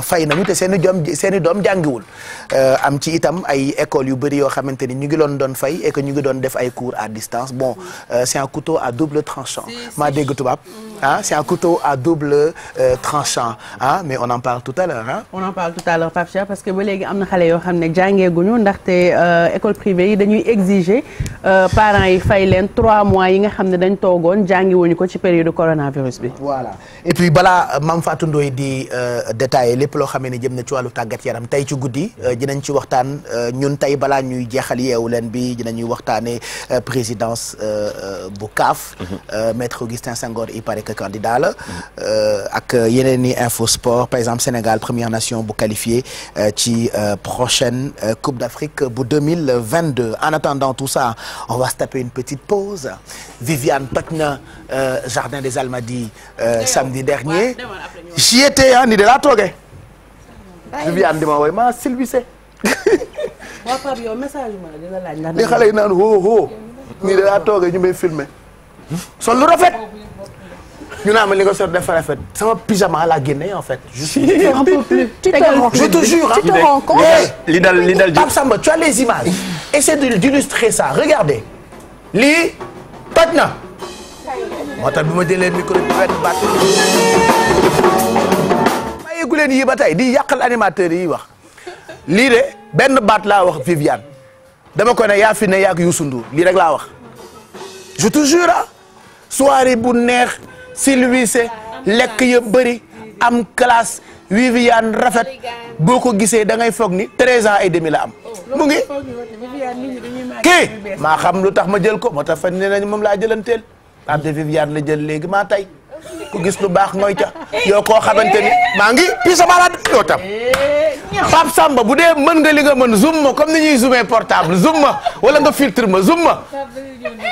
fay nañu te seen i doom seen i doom jàngiwul am ci itam ay écoles yu bari yoo xamante ni ñu ngi loon doon fay et ñu ngi doon def ay cours à distance Euh, c'est un couteau à double tranchant maa dégg tubaab ah c'est un couteau à double euh, tranchant ah mais on en parle tout à l'heure ah à l'heure Pape Cheikh parce que ba léegi am na xale yoo xam ne jàngeeguñu ndaxte euh, école privée yi dañuy exiger parents yi fay leen trois mois yi nga xam ne dañ toogoon jàngiwuñu ko ci période coronavirus bi voilà et puis balaa Mame Fatou Ndoye di détailler lépp loo xamee ne jëm na ci wàllu tàggat yaram tey ci guddi dinañ ci waxtaan ñun tey balaa ñuy jeexal yeewu leen bi dinañuy waxtaane présidence Euh, bu CAF. Euh, maître Augustin Senghor il paraît que euh, ak yeneen i info sport par exemple Sénégal première nation bu qualifié ci prochaine Coupe d'Afrique bu en attendant tout ça on va se une petite pause Viviane toj jardin des Almadies samedi dernier. j'y étais ah de laa toogee. Viviane di ma wooy ma silbissé. waa Pape yow message ma dina laaj. nii da daa toogee ñu may filmer sol lu rafet. ñu naan ma li nga sori dafa rafet sama pyjama laa génne en fet je suis un peu plus. tu li dal li dal Pape Samba tu as les images. essaie d'illustrer ça regardez. lii toj na. moo tax bi ma jëlee micro ba tey di yàqal animateurs yi wax lii benn baat laa wax Viviane. dama ko ne yaa na ne yaa ak lii rek laa wax je te jure ah soirée bu neex silvissé lekk ya bëri am classe Viviane rafet boo ko gisee da ngay foog ni treize ans et demi la am mu ngi kii maa xam lu tax ma jël ko moo tax fan ne nañ moom laa jëlanteel ab de la jël léegi maa tey ku gis lu baax ngoy ca koo xamante maa ngi pii sama laa yoo tam eh, Pape Samba bu dee mën nga li nga mën zoom ma comme ni ñuy zoomé portable zoom ma wala nga filtre ma zoom ma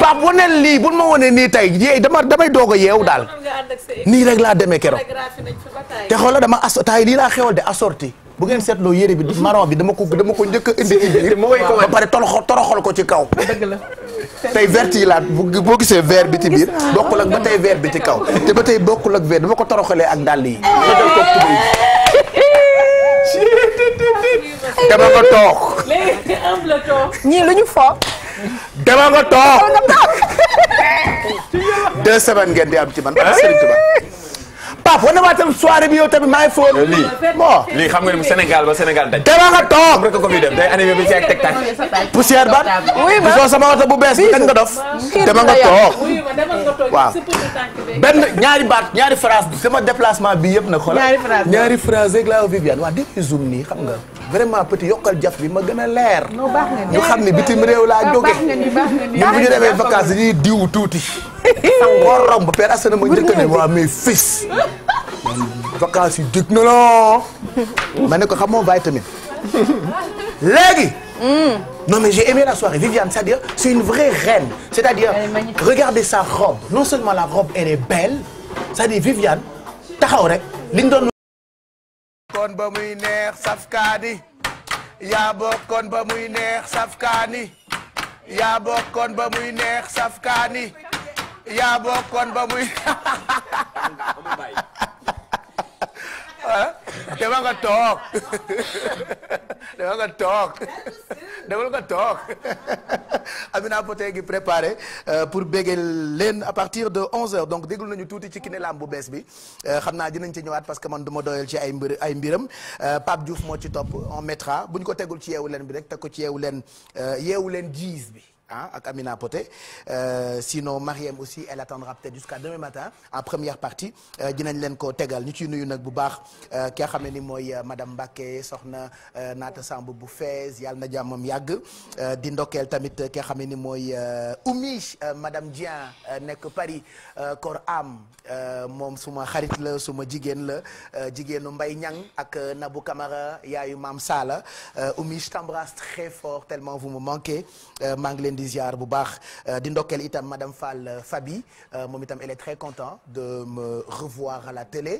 Pape waneel lii bu ma wanee nii tey dama damay doog a yeewu daal nii rek laa demee keroo te xoola dama as taay lii laa xewal de assorti bu ngeen seetloo yére bi marron bi dama ko dama ko njëkk a indi ci biir ba pare ko ci kaw dëgg la tey vert yi laa boo gisee vert bi ci biir bokkul ak ba tey vert bi ci kaw te ba tey bokkul ak vert dama ko toroxalee ak dàll yi [LAUGHS] dama nga toog. léegi ñii lu ñu fo. dama nga toog. deux semaines ngeen di am ci man ak Pape wane maa tam soirée bi yow tamit maa ngi fóon. lii lii xam nga ni Sénégal ba Sénégal daj. dama nga toog rek ko fi dem day animé bi ci ak tegtal. poussière ban. oui ma gisoo sama oto bu bees bi nga dof. dama nga toog waaw. benn ñaari baat ñaari phrase bi sama déplacement bi yëpp na xoolal. ñaari phrase ñaari phrase rek Viviane waa dégg nga zoom nii xam nga. vraiment petit yokkal jaf bi ma gën a leer. ñu xam ne bitim réew laa jóge ñun bu ñu demee vacances dañuy diw tuuti. boo [LAUGHS] romb père Assane ma njëkk ne waa mais fils. vacances yi dig na loo. ma ne ko xam moom vitamine. [LAUGHS] léegi. Hmm. non mais j'ai aimé la soirée Viviane c'est-à-dire c'est une vraie reine. c'est-à-dire regardez sa robe non seulement la robe elle est belle c'est-à-dire Viviane taxaw rek bokkoon ba muy neex safkaani yaa bokkoon ba muy neex safkaani yaa bokkoon ba muy neex safkaani yaa bokkoon ba muy [LAUGHS] demal nga toog demal nga toog demal nga toog Amina Poté gi préparé pour euh, béggee leen à partir de 11h donc déglu nañu tuuti ci Kiné Lam bu bees bi euh, xam naa dinañ ci ñëwaat parce que man du ma doyal ci ay mbir ay mbiram euh, Pape Diouf moo ci topp on mettra bu ñu ko tegul ci yeewu leen bi rek teg ko ci yeewu leen yeewu leen jiis bi. ah ak Amina Poté euh, sinon Mariem aussi elle attendra peut-être jusqu'à demain matin en première partie euh, dinañ leen ko tegal ñu ciy nuyu nag bu baax euh, ki nga xam ne ni mooy euh, madame Mbacké soxna Naata Samb bu fees yàlla na jàmmam yàgg di ndokkeel tamit ki nga xam ne ni mooy Oumy madame Dieng nekk Paris Kor Am moom suma xarit la suma jigéen la jigéenu Mbay Ñang ak nabu Camara yaayu Maam Sala Oumy je t'embrasse très fort tellement vous me manquez maa leen di ziar bu baax euh, di ndokkeel itam madame Fall euh, Fabi euh, moom itam elle est très contente de me revoir à la télé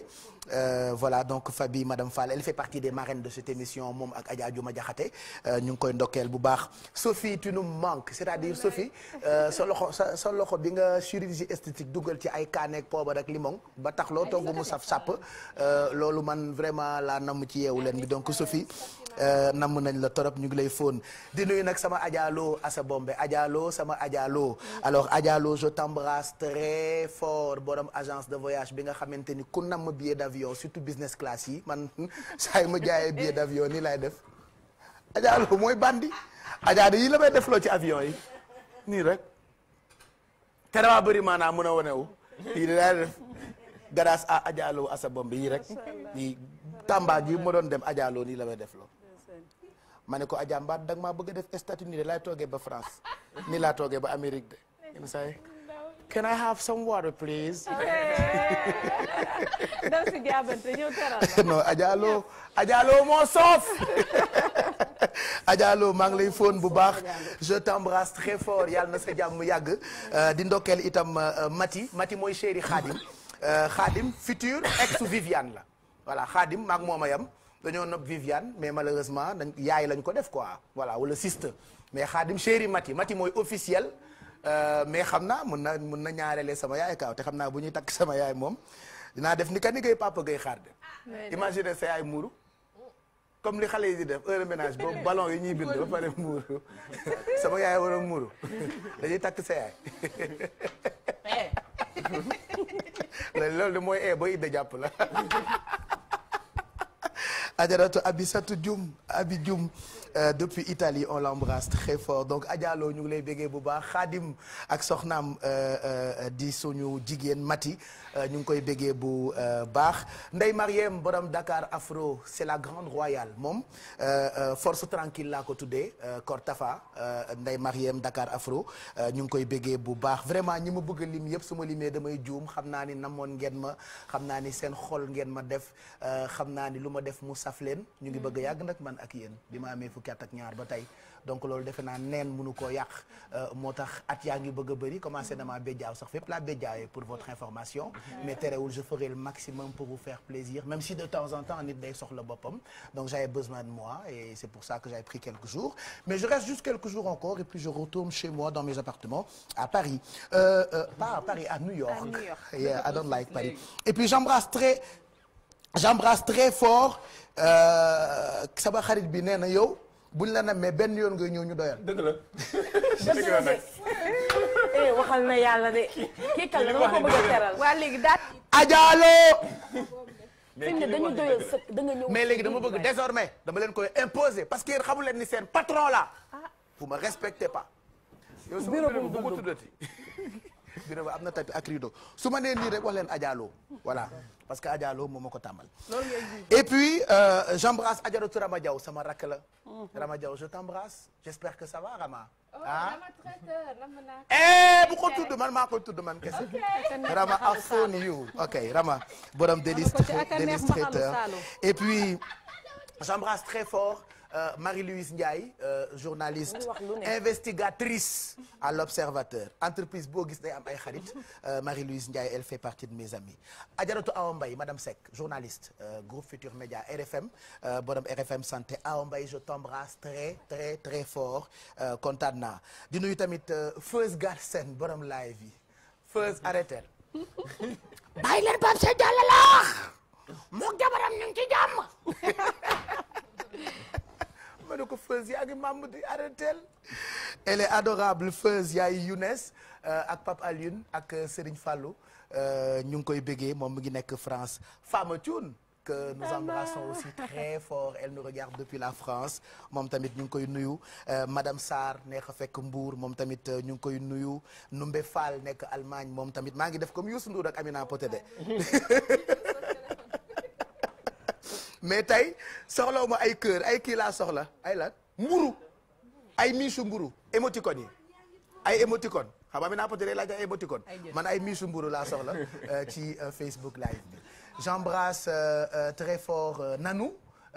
Euh, voilà donc Fabi madame Fall elle fait partie des marraines de cette émission moom ak Adja Jaxate euh, ñu ngi koy ndokkeel bu baax Sophie tu nous manques c'est-à-dire Sophie euh, sa loxo sa sa loxo bi nga chirurgie esthétique dugal ci ay kaaneeg poobar ak limon ba tax loo togg mu saf sàpp euh, loolu man vraiment laa namm ci yeewu leen bi donc Sophie namm nañ la torop ñu ngi lay fóon di nuyu nag sama Adja Lo Asa Bombe Adja Lo sama Adja Lo alors Adja Lo je t'embrasse très fort borom de voyage bi nga avion surtout business class yi man [LAUGHS] saa yi ma jaayee billet d' avion nii laay def Adja loolu mooy bandi Adja yi la may defloo ci avion yi nii rek te damaa bëri maanaam mën a wone wu yii laay def grâce à Adja Lo asa rek yi Tamba gi ma doon dem Adja nii la may defloo ma ne ko Adja mbaat danga maa bëgg def États-Unis de laay toogee ba France nii laa toogee ba Amérique de yenn can I have some water please. [LAUGHS] ndaw Ajaalo moo soof. Ajaalo [LAUGHS] maa ngi lay fóon bu baax je t'embrasse très fort yàlla na sa jàmm yàgg euh, di ndokkeel itam euh, Mati Mati mooy chéri Xaadim Xaadim euh, futur ex Viviane la voilà Xaadim maag moom ma yam dañoo nopp Viviane mais malheureusement dañ yaay lañ ko def quoi wala wala sister mais Xaadim chéri Mati Mati mooy officiel. Euh, mais xam naa mun na mun na ñaareele sama yaay kaaw te xam naa bu ñuy takk sama yaay moom dinaa def ni ka ni koy papa gay xaar de ah, imagine sa yaay muuru comme li xale yi def heure ménage boobu ballon yi ñuy bind ba pare muuru [LAUGHS] sama yaay war a muuru dañuy takk sa yaay eh. [LAUGHS] loolu de mooy e eh, ba idda jàpp la [LAUGHS] Ajaratu Abisatu Dioum Abi Dioum euh, depuis Italie on l'embrasse très fort donc Ajaalo ñu ngi lay béggee bu baax Xaadim ak soxnaam euh, euh, di suñu jigéen Mati ñu ngi koy béggee bu baax Ndey Mariem borom Dakar Afro c'est la grande royale moom force tranquille laa ko tuddee Cortafa Ndey Mariem Dakar Afro ñu ngi koy béggee bu baax vraiment ñi ma bëgg a lim yëpp suma limee damay juum xam naa ni namoon ngeen ma xam naa ni seen xol ngeen ma def xam naa ni lu ma def saf leen ñu ngi bëgg a yàgg nag man ak yéen bi ma amee fukki at ak ñaar ba tey donc loolu defe naa neen mënu koo yàq euh, moo tax at yaa ngi bëgg a bëri commencé na maa béjjaaw sax fépp laa béjjaawee pour votre information mais terewul je ferai le maximum pour vous faire plaisir même si de temps en temps nit day soxla boppam donc j'avais besoin de moi et c'est pour ça que j'avais pris quelques jours mais je reste juste quelques jours encore et puis je retourne chez moi dans mes appartements à Paris euh, euh, pas à Paris à New York. à New York [LAUGHS] yeah, I don't like Paris et puis j'embrasse très j'embrasse très fort euh, sama xarit bi nee na yow buñ la namee benn yoon ngay ñëw ñu doyal. dëgg la eh, waxal na yàlla de. kii kan la dama ko bëgg a ñëw. mais léegi dama bëgg désormais dama leen koy imposé parce que yéen xamu leen ni seen patron la. Ah. vous ma respectez pas. dina ba am na tapis ak rideau su ma nee nii rek wax leen Adjalo voilà parce que Adjalo moom moo ko tàmbal. et puis euh, j'embrasse Adjaratou Rama Diaw sama rakk mhm. Rama Diaw je t'embrasse j'espère que ça va Rama. Oh, ah eh, bu ko tudd man maa ko tudd man kese Rama I phone you ok Rama borom délice délice et puis j'embrasse très fort. Euh, Marie-Louise Ndiaye euh, journaliste investigatrice à l'Observateur entreprise boo gis day am ay xarit euh, Marie-Louise Ndiaye elle fait partie de mes amis Adjaratou Awa madame Seck journaliste groupe Futur Média RFM borom RFM santé Awa Mbaye très très fort kontaan naa di tamit Feuz Garsen borom live yi Feuz arrêter [LAUGHS] bàyyi leen Pape Cheikh la moom jabaram ñu ngi [LAUGHS] ma ne ko Feuz yaa ngi Mamadou arrêtel elle est adorable Feuz yaay Younes euh, ak Pape Alioune ak euh, euh, ñu ngi koy béggee moom mu ngi nekk France Fama Thioune que nous embrassons aussi moom tamit ñu ngi koy nuyu madame Sarr neex a fekk mbuur moom tamit ñu ngi koy nuyu Numbe Fall nekk Allemagne moom tamit maa ngi def comme Youssou Ndour ak Amina Poté de [LAUGHS] mais tey wu ma ay kër ay kii laa soxla ay lan mburu ay miisu mburu émoticône yi ay émoticône xam mi naa peut être laaj ay émoticône man ay miisu mburu laa soxla euh, ci euh, Facebook live bi j'embrasse euh, euh, très fort euh,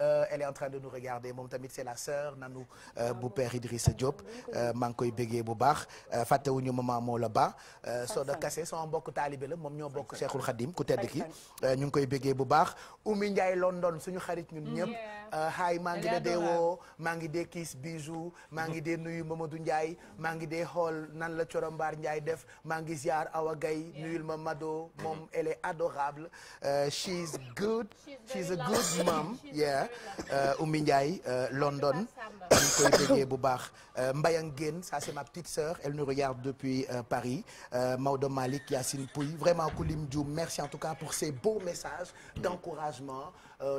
Euh, elle est en de nous regarder moom tamit c'est la sœur nanu euh, bu père Idrissa Diop euh, maa ngi koy bégee bu baax fàttewuñu maman moo la ba Soda kase sama mbokk taalibe la moom ñoo bokk Cheikhul Khadim ku tedd ki ñu ngi koy bégee bu baax Oumy Ndiaye London suñu xarit ñun ñëpp haay maa ngi la deewoo maa ngi dee kiis bijou maa ngi dee nuyu Mamadou Ndiaye maa ngi dee xool nan la Corombaar Ndiaye def maa ngi ziar Awa Gaye nuyul ma Mado moom elle est adorable she's [LAUGHS] Euh, Oumy Ndiaye euh, London ñu koy déggee bu baax euh, Mbayang Guène ça c'est ma petite sœur elle nous regarde depuis Paris Maodo Malick Yacine Pouy vraiment ku lim Dioum merci en tout cas pour ces beaux messages d'encouragement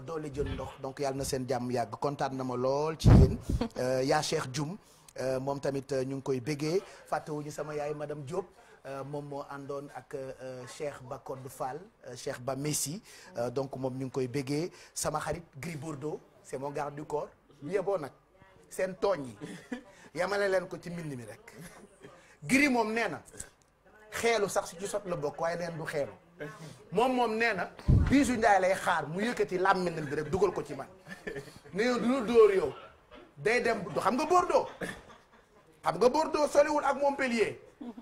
doole jël ndox donc yàlla na seen jàmm yàgg kontaan na ma lool ci yéen yaa Cheikh Dioum moom tamit ñu ngi koy béggee fàttewuñu sama yaay madame Diop Euh, moom moo àndoon ak euh, Cheikh Ba Codou Fall euh, Cheikh Ba Messi donc moom ñu ngi koy bëggee sama xarit Gris Bordeaux c'est mon garde du corps yeboo nag seen tooñ yi [LAUGHS] yamale leen ko ci mbind mi rek Gris moom nee na xeelu sax si ci la bokk waaye neen du xeelu moom moom nee na Bijou Ndiaye lay xaar mu yëkkati làmmiñam bi rek dugal ko ci man ne yow du la dóor yow day dem du xam nga Bordeaux xam nga Bordeaux soriwul ak Montpellier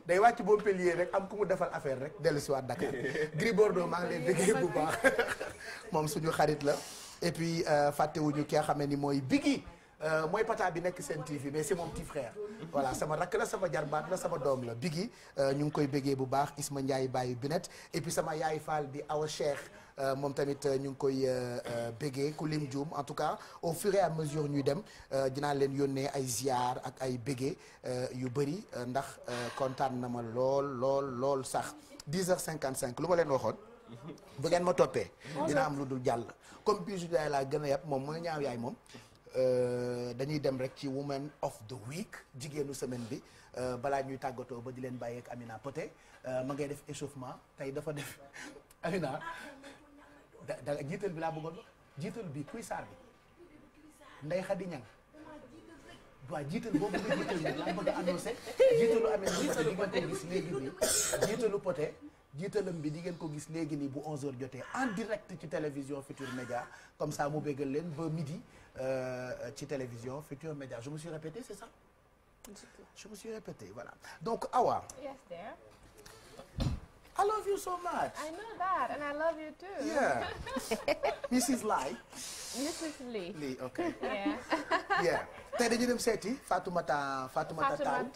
day wàcc Montpellier rek am ku mu defal affaire rek dellu si waat Dakar [LAUGHS] Gris Bordeaux maa ngi lay bu baax [LAUGHS] moom suñu xarit la et puis euh, fàttewuñu ki nga xam ne ni mooy Biggi euh, mooy pata bi nekk seen TV mais c'est moom petit frère voilà sama rakk la sama jarbaat la sama doom la Biggi euh, ñu ngi koy béggee bu baax Isma Ndiaye bàyyi Binet et puis sama yaay Fall di Awa Cheikh Euh, moom tamit euh, ñu ngi koy euh, bégee ku lim juum en tout cas au fur et mesure ñuy dem dinaa leen yónnee ay ziar ak ay bégee yu bëri ndax kontaan na ma lool lool lool sax 10h55 lu ma leen waxoon. bu ngeen ma toppee. dina am lu dul jàll. comme bisu yaay laa gën a yàpp moom mooy ñaaw yaay moom. dañuy dem rek ci woman of the week jigéenu semaine bi balaa ñuy tàggatoo ba di leen bàyyeek Amina Poté ma ngay def échauffement tey dafa def [LAUGHS] Amina. da da jiital bi laa bëggoon wax jiital bi kuy saar bi nday xadi ñang waaw jiital boobu nga jiital bi laa jiitalu amee bi di ngeen ko gis léegi nii jiitalam bi di ko gis léegi nii bu 11h jotee en direct ci télévision Futur Média comme ça mu béggal leen ba midi euh, ci télévision Futur Média je me suis répété c'est ça je me suis répété voilà donc Awa I love you so much. I know that, and I love you too. Mrs. [LAUGHS] Lai. Mrs. Lee. [LAUGHS] Yeah. tey dañu dem seeti Fatoumata Fatoumata Tall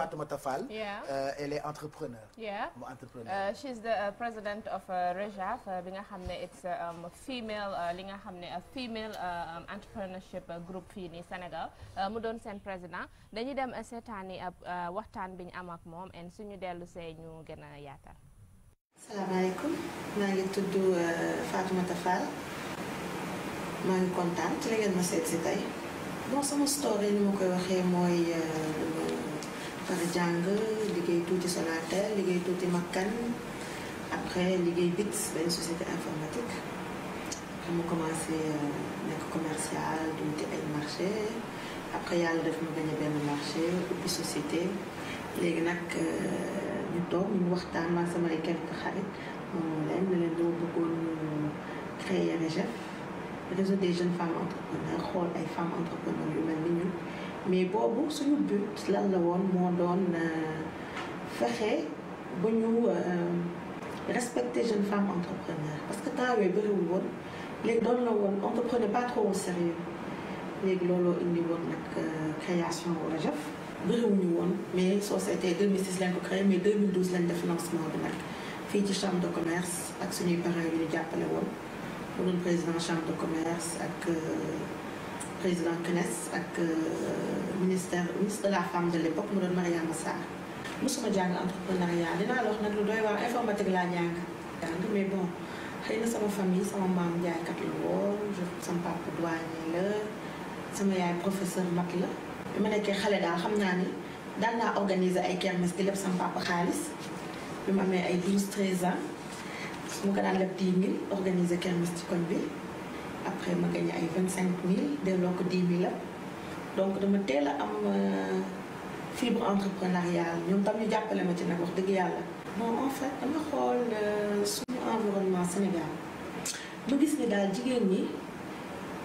Fatoumata Fall. yeah. Uh, entrepreneur. yeah. mu euh, the uh, president of euh, REJAF euh, bi nga xam ne it's um, female li nga xam ne female um, entrepreneurship group fii nii senegal mu doon seen président dañu dem seetaani ab waxtaan bi ñu am ak moom and suñu dellu see ñu gën a yaatal. salaamaaleykum maa ngi tudd euh, Fatoumata Fall maa ngi kontaan ci la ngeen ma seet si tey bon sama story ni ma koy waxee mooy euh, fara jàng liggéey tuuti Sonatel liggéey tuuti Makkan après liggéey BITS benn société informatique après euh, après yàlla def ma gañ benn marché ubbi société léegi nag ñu toog ñu waxtaan man sama ay quelques xarit moom leen ne leen dama bëggoon créer REJEF réseau des jeunes femmes entrepreneurs xool ay femmes entrepreneurs yu mel ni ñun mais boobu suñu but lan la woon moo doon euh, fexe ba ñu euh, respecter jeunes femmes entrepreneurs parce que temps yooyu bëriwul woon léegi doon la woon on ne prenait pas trop au sérieux léegi looloo indi woon nag euh, création REJEF bëriwuñu woon mais société 2006 lañ ko créé mais 2012 lañ def lancement bi nag fii ci chambre de commerce ak suñuy parents yu ñu jàppale woon mu doon président chambre de commerce ak euh, président CNES ak euh, ministère ministre de la femme de l'époque mu doon Mariama Sarr mosuma jàng entrepreneuriat dinaa la wax nag lu dooy waar informatique laa jàng jàng mais bon xëy na sama famille sama maam jaaykat la woon sama papa douanier la sama la ma nekkee xale daal xam naa ni daal naa organiser ay kermesse di leb sama papa xaalis bi ma amee ay 12 13 su ma ko daan leb 10 000 organiser kermesse ci koñ bi après ma gagné ay 25 000 delloo ko 10 000 la donc dama teel a am euh, fibre entrepreneuriale ñoom tam ñu jàppale ma ci nag wax dëgg yàlla. bon en fait dama xool euh, suñu environnement Sénégal ma gis ni daal jigéen ñi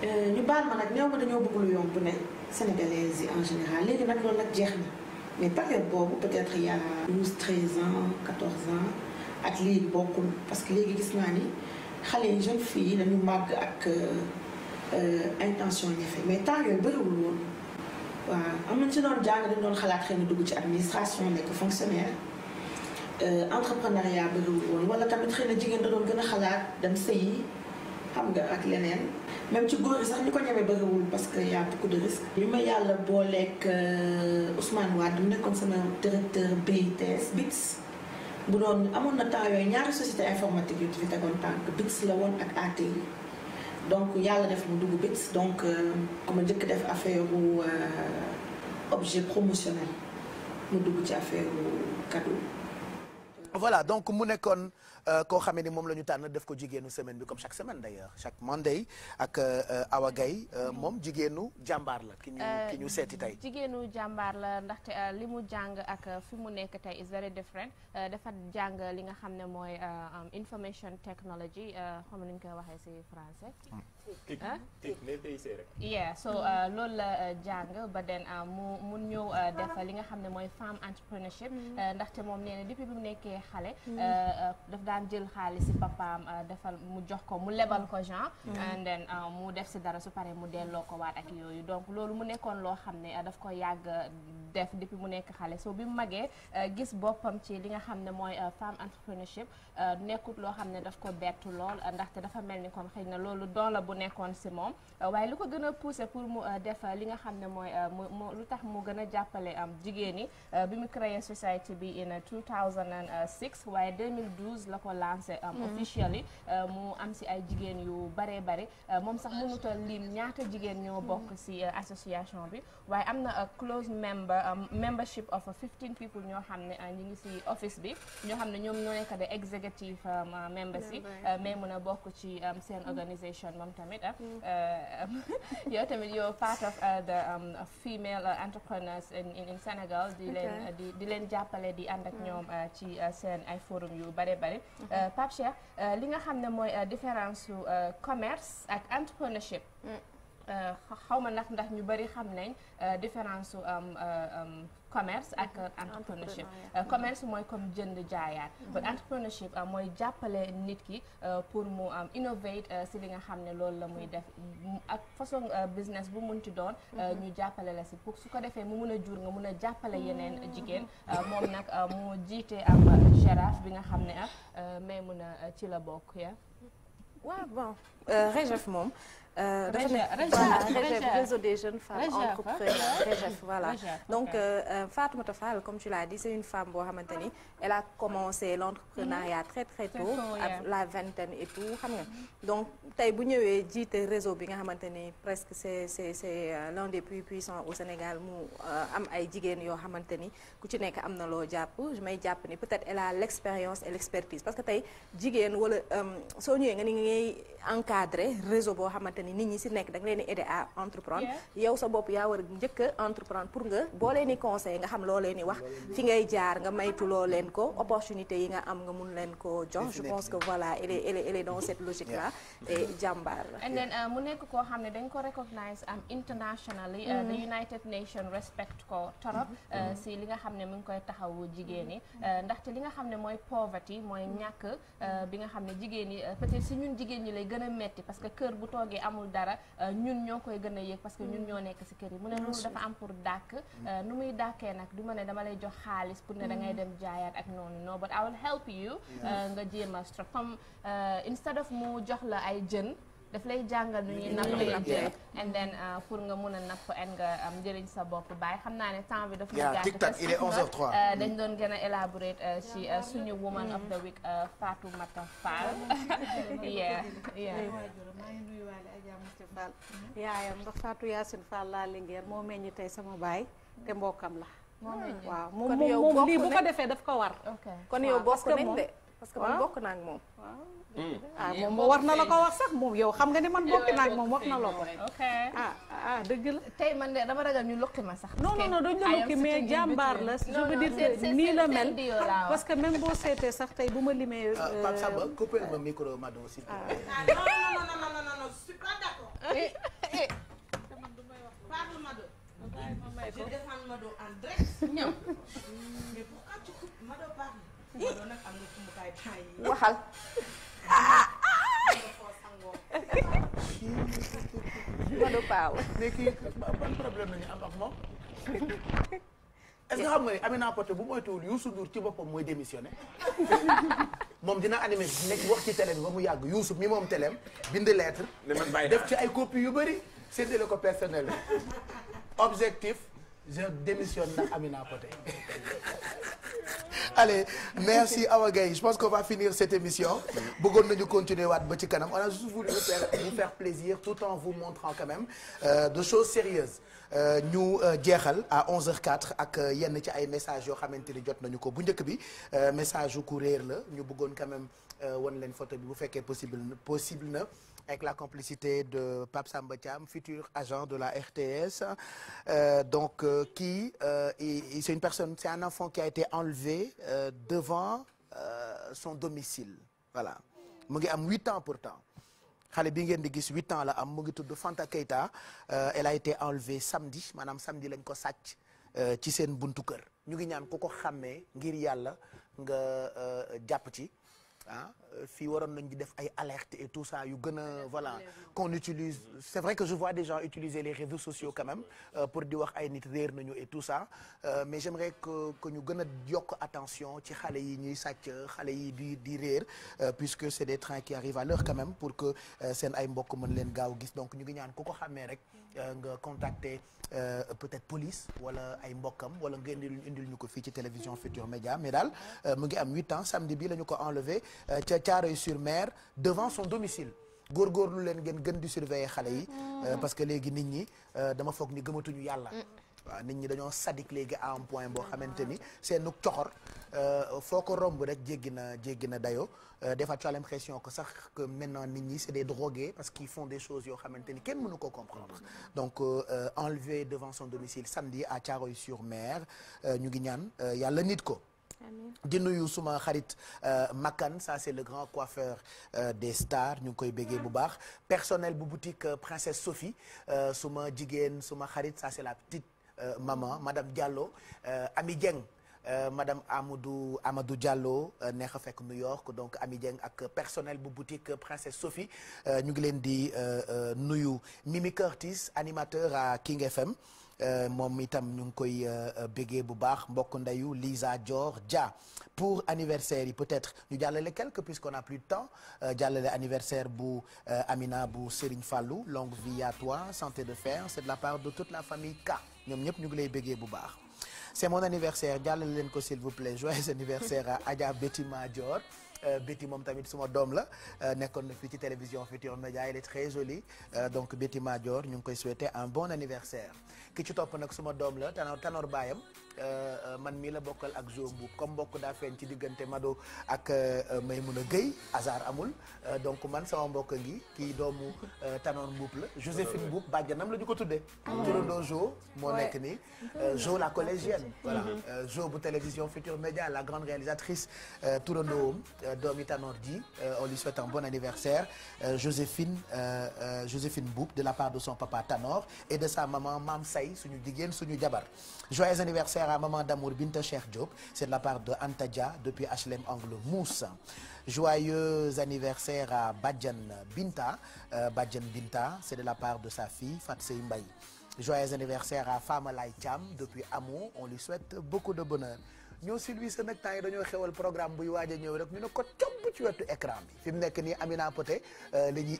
euh, ñu baal ma nag néew ma dañoo bëgg lu yomb ne. sénégalaises yi en général léegi nag loolu nag jeex na mais période boobu peut-être il y a 12 13 ans 14 ans ak lii bokkul parce que léegi gis naa ni xale yi jeunes filles yi dañu màgg ak euh, intention ñafe mais temps yooyu bëriwul woon waaw am nañ ci doon jàng dañ doon xalaat xëy na dugg ci administration nekk fonctionnaire euh, entrepreneuriat bëriwul woon wala tamit xëy na jigéen da doon gën a xalaat dem sëyi xam nga ak leneen même ci góor yi sax ñu ko ñemee bëriwul parce que y a beaucoup de risques. bi ma yàlla booleeg euh, Ousmane Wade mu nekkoon sama directeur BITS BITS bu doon amoon na temps yooyu ñaari société informatique yu fi tegoon tànk BITS la woon ak ATI donc yàlla def mu dugg BITS donc euh, ku ma njëkk def affaire wu euh, objet promotionnel mu dugg ci affaire wu cadeau. voilà donc mu nekkoon. Euh, koo xamee ni moom la ñu tànn def ko jigéenu semaine bi comme chaque semaine d'ailleurs chaque Monday ak euh, Awa Gaye euh, mm-hmm. moom jigéenu jàmbaar la ki ñu ñu seeti tey jigéenu jàmbaar la ndaxte li mu jàng ak fi mu nekk tey is very different dafa jàng li nga xam ne mooy um, information technology xam nañ koy waxee ci français mm. ah yeah so uh, loolu la uh, jàng ba den uh, mu mu ñëw def li nga xam ne mooy femme entrepreneurship mm-hmm. ndaxte moom nee na depuis bu mu nekkee xale mm-hmm. daf daan jël xaalis si papaam defal mu jox ko mu lebal ko genre mm-hmm. and then mu def si dara su pare mu delloo ko waat ak yooyu donc loolu mu nekkoon loo xam ne daf ko yàgg def depuis mu nekk xale so bi mu magee gis boppam ci li nga xam ne mooy femme entrepreneurship nekkut loo xam ne daf ko bettu lool ndaxte dafa mel ni comme xëy na loolu doon la bu bu nekkoon si moom euh, waaye lu ko gën a poussé pour mu euh, def euh, li nga xam ne mooy mu lu tax mu gën a jàppale am jigéen ñi bi mu créé society bi in 2006 waaye 2012 la ko lancé am mm-hmm. officially mu am si ay jigéen yu bare bare moom sax mënut a lii ñaata jigéen ñoo mm-hmm. bokk si association bi waaye am na close member membership of 15 people ñoo xam ne ñi ngi si office bi ñoo xam ne ñoom ñoo nekk de executive um, uh, members yi mais mun a bokk ci um, seen mm-hmm. organisation moom tamit tamit yow tamit yow part of uh, the um, female uh, entrepreneurs in in di leen di di leen jàppale di ànd ak mm. ñoom uh, ci seen ay forum yu bare bare mm-hmm. Pape Cheikh li nga xam ne mooy différence su commerce ak entrepreneurship mm. Euh, xaw ma ndax ndax ñu bëri xam nañ euh, différence su euh, commerce ak mhm. entrepreneurship commerce mooy comme jënd jaayaat but mhm. entrepreneurship mooy jàppale nit ki pour mu innovate si li nga xam ne loolu la muy mhm. def mm, ak façon business bu mun ci doon ñu jàppale la si pour su ko defee mu mun a jur nga mun a jàppale yeneen jigéen moom nag mu jiite am gérage bi nga xam ne ah mais mun a ci la bokk ya waaw bon Régef moom dafa euh, nekk réseau des jeunes femmes entrepreneurs REJEF voilà donc euh, euh, Fatoumata Fall comme tu l'as dit c'est une femme boo xamante ni la a commencé l'entrepreneuriat mm-hmm. très très tôt à la vingtaine et tout xam nga donc tey bu ñëwee jiite réseau bi nga xamante ni presque c'est c'est c'est euh, l'un des plus puissants au Sénégal mu euh, am ay jigéen yoo xamante ni ku ci nekk am na loo jàpp may jàpp ni peut-être elle a l'expérience et l'expertise parce que tey jigéen wala euh, soo ñëwee nga ni ngay encadrer réseau boo xamante ni nit ñi si nekk da nga leen di aider à entreprendre yow sa bopp yaa war a njëkk nga boo leen di conseil nga xam loo leen di wax fi ko opportunité yi nga am nga mun leen ko jox je pense que voilà elle uh, mu nekk koo xam ne dañ ko recognize am um, internationally uh, the mm-hmm. United Nations respect ko torop mm-hmm. Uh, mm-hmm. si li nga xam ne mu ngi koy taxawu jigéen ñi ndaxte li nga xam ne mooy poverty mooy ñàkk bi nga xam ne jigéen ñi peut-être si ñun jigéen ñi lay gën a metti parce que kër bu toogee amul dara ñun ñoo koy gën a yëg parce que ñun ñoo nekk si kër yi mu ne loolu dafa am pour dàkk nu muy dàkkee nag du ma ne dama lay jox xaalis pour ne da dem jaayaat ak noonu non I will help you. Euh, nga jéem a structure comme euh, instead of mu jox la ay jën. daf lay jàngal nu ñuy jën and then euh, pour nga mun a napp en nga am um, njëriñ sa bopp baay xam naa ne temps bi daf ñu gàtt tic dañ doon gën a élaborer ci suñu woman of the week Fatou Mata Fall yeah [LAUGHS] yeah yaayam ndax Fatou Yacine Fall laa moo meññi tey sama baay te mbokkam la waaw moom moom lii bu ko defee daf ko war. kon yow bokk nañ de parce que man bokk naa ak moom. Hmm. ah moom war na la ko wax sax moom yow xam nga ni man bokk naa ak moom wax na la ko. Ah, ah dëgg la. tey man de dama ragal ñu lokki ma sax. non non non duñ la lokki mais jàmbaar la. je veux dire que nii la mel. parce que même boo seetee sax tey bu ma limee. Ah, euh, Pape Samba coupé ma micro madame s'il vous plaît. Ah, non non non non non je suis pas d'accord. Eh, eh. Je défends Mado en direct. ñëw. mais am na kumbukaay temps yi. waxal. Mado Paaw. problème la ñu moom. est-ce que xam nga ni Amina Poté bu moytuwul ci boppam mooy démissionné moom dina animé nekk wax ci télé bi ba mu yàgg Youssou mi moom téléem bind lettre. def ci ay copie yu bari séddale ko personnel [LAUGHS] objectif je démissionne ndax Amina Poté [LAUGHS] allez merci Awa Gaye je pense qu'on va finir cette émission bëggoon nañu continuer waat ba ci kanam on a juste voulu vous faire, vous faire plaisir tout en vous montrant quand même euh, de choses sérieuses euh, ñu euh, jeexal à 11h04 ak euh, yenn ci ay messages yoo xamante ni jot nañu ko bu njëkk bi message yu ku réer la ñu bëggoon quand même wan leen photo bi bu fekkee possible possible na avec la complicité de Pape Samba Thiam, futur agent de la RTS. Euh, donc, euh, qui, euh, c'est une personne, c'est un enfant qui a été enlevé euh, devant euh, son domicile. Voilà. mu ngi am huit ans pourtant xale bi ngeen di gis huit ans la am mu ngi tudd Fanta Keita euh, elle a été enlevée samedi maanaam samedi lañ ko sàcc ci seen buntu kër ñu ngi ñaan ko ko xàmmee ngir yàlla nga jàpp ci. ah fii waroon nañ di def ay alerte et tout ça yu gën a voilà kon utilise c'est vrai que je vois des gens utiliser les réseaux sociaux quand même euh, pour di wax ay nit réer nañu et tout ça euh, mais j'aimerais que que ñu gën a yokk attention ci xale yi ñuy sàcc xale yi di di réer puisque c'est des trains qui arrivent à l'heure quand pour que seen ay mbokk mën leen gaaw gis donc ñu ngi ñaan ku ko xàmmee rek mm. nga contacter peut-être police wala ay mbokkam wala nga indil indil ñu ko fii ci télévision Futurs Médias mais daal mu ngi am huit ans samedi bi la ñu ko enlevé Euh, ca Thiaroye sur mer devant son domicile góorgóorlu leen ngeen gën di surveiller xale yi euh, mm. parce que léegi nit ñi euh, dama foog ni gëmatuñu yàlla mm. waaw nit ñi dañoo sadik léegi à un point boo xamante ni seenu coxor foo ko romb rek jéggi na jéggi na dayoo des fois tu as l'impression sax que maintenant nit ñi c'est des drogués parce que font des choses yoo xamante ni kenn mënu ko comprendre donc enlevé devant son domicile samedi à Thiaroye-sur-Mer ñu ngi ñaan yàlla nit ko di nuyu suma xarit euh, Makan ça c'est le grand coiffeur euh, des stars ñu ngi koy béggee bu baax personnel bu boutique euh, Princesse Sophie suma jigéen suma xarit ça c'est la petite maman madame Diallo Ami Dieng Euh, madame Amadou Amadou Diallo euh, neex a fekk New York donc Ami Dieng ak personnel bu boutique Princesse Sophie ñu ngi leen di nuyu Mimi Curtis animateur à King FM. Euh, moom itam ñu ngi koy euh, euh, béggee bu baax mbokk ndeyu Lisa Dior Dia pour anniversaire yi peut-être ñu jàllale quelque puisqu'on a plus de temps jàllale anniversaire bu Amina bu Serigne Fallou longue vie à toi santé de fer c'est de la part de toute la famille Ka ñoom ñëpp ñu ngi lay béggee bu baax c'est mon anniversaire jàllale leen ko s'il vous plaît [LAUGHS] joyeux anniversaire à Adja Betty joor Euh, Betty moom tamit suma doom la euh, nekkoon na fii ci télévision Futur Média elle est très jolie euh, donc Betty Madior ñu ngi koy souhaiter un bon anniversaire ki ci topp nag suma doom la Tanor tanoor baayam Euh, euh, man mii la bokkal ak zombu comme mbokk daa feeñ ci diggante Mado ak euh, may a Gueye hasard amul donc man sama mbokk ngi kii doomu Tanor Mbuub la Joséphine Mbuub bàjjanam la ñu ko tuddee ah. turandoo Jo moo nekk nii Jo la collégienne mm-hmm. voilà mm-hmm. Jo bu télévision Futur Média la grande réalisatrice turandoom doomi Tanor ji on lui souhaite un bon anniversaire Joséphine Joséphine Mbuub de la part de son papa Tanor et de sa maman Mam Say suñu jigéen suñu jabar joyeux anniversaire à maman d'amour Binta Cheikh Diop c'est de la part de Anta Dia depuis HLM Angle Mousse joyeux anniversaire à Badjan Binta euh, Badjan Binta c'est de la part de sa fille Fatsey Mbaye joyeux anniversaire à Fama Lay Thiam depuis Amo on lui souhaite beaucoup de bonheur ñoo si lui sa nag temps yi dañoo xewal programme buy waaj a ñëw rek ñu ne ko cobb ci wetu écran bi fi mu nekk nii Amina Poté euh, la ñuy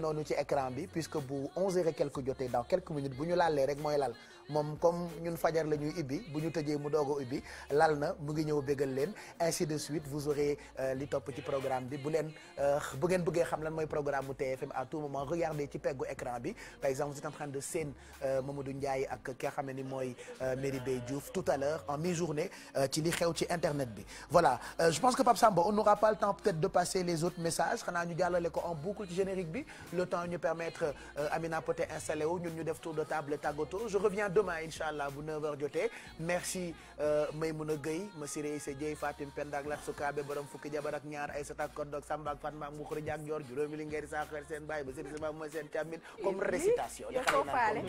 noonu ci écran bi puisque bu 11 heures et quelques jotee dans quelques minutes bu ñu laalee rek mooy lal moom comme ñun fajar la ñuy ibbi bu ñu tëjee mu doog a ibbi lal na mu ngi ñëw bégal leen ainsi de suite vous aurez euh, li topp ci programme bi bu leen euh, bu ngeen bëggee xam lan mooy programme mu TFM à tout moment regardez ci peggu écran bi par exemple vous êtes en train de seen euh, Mamadou Ndiaye ak ki nga xam ne ni mooy Mary Bey Diouf tout à l'heure en mi-journée ci li xew ci internet bi voilà je pense que Pape Samba on n'aura pas le temps peut-être de passer les autres wu ñun ñu def tour de tàggatoo je reviens demain incha allah bu 9h jotee merci euh, a Gueye Massiré Issa Dieye Fatim Penda ak Latsu Kaabe borom fukki jabar ak ñaar ay sata koddoog Samba ak Fatma ak Moukhri Diak Dior juróomi li ngeen saa xeer seen bàyyi ba seen sama mooy seen càmmin comme récitation. yow koo faale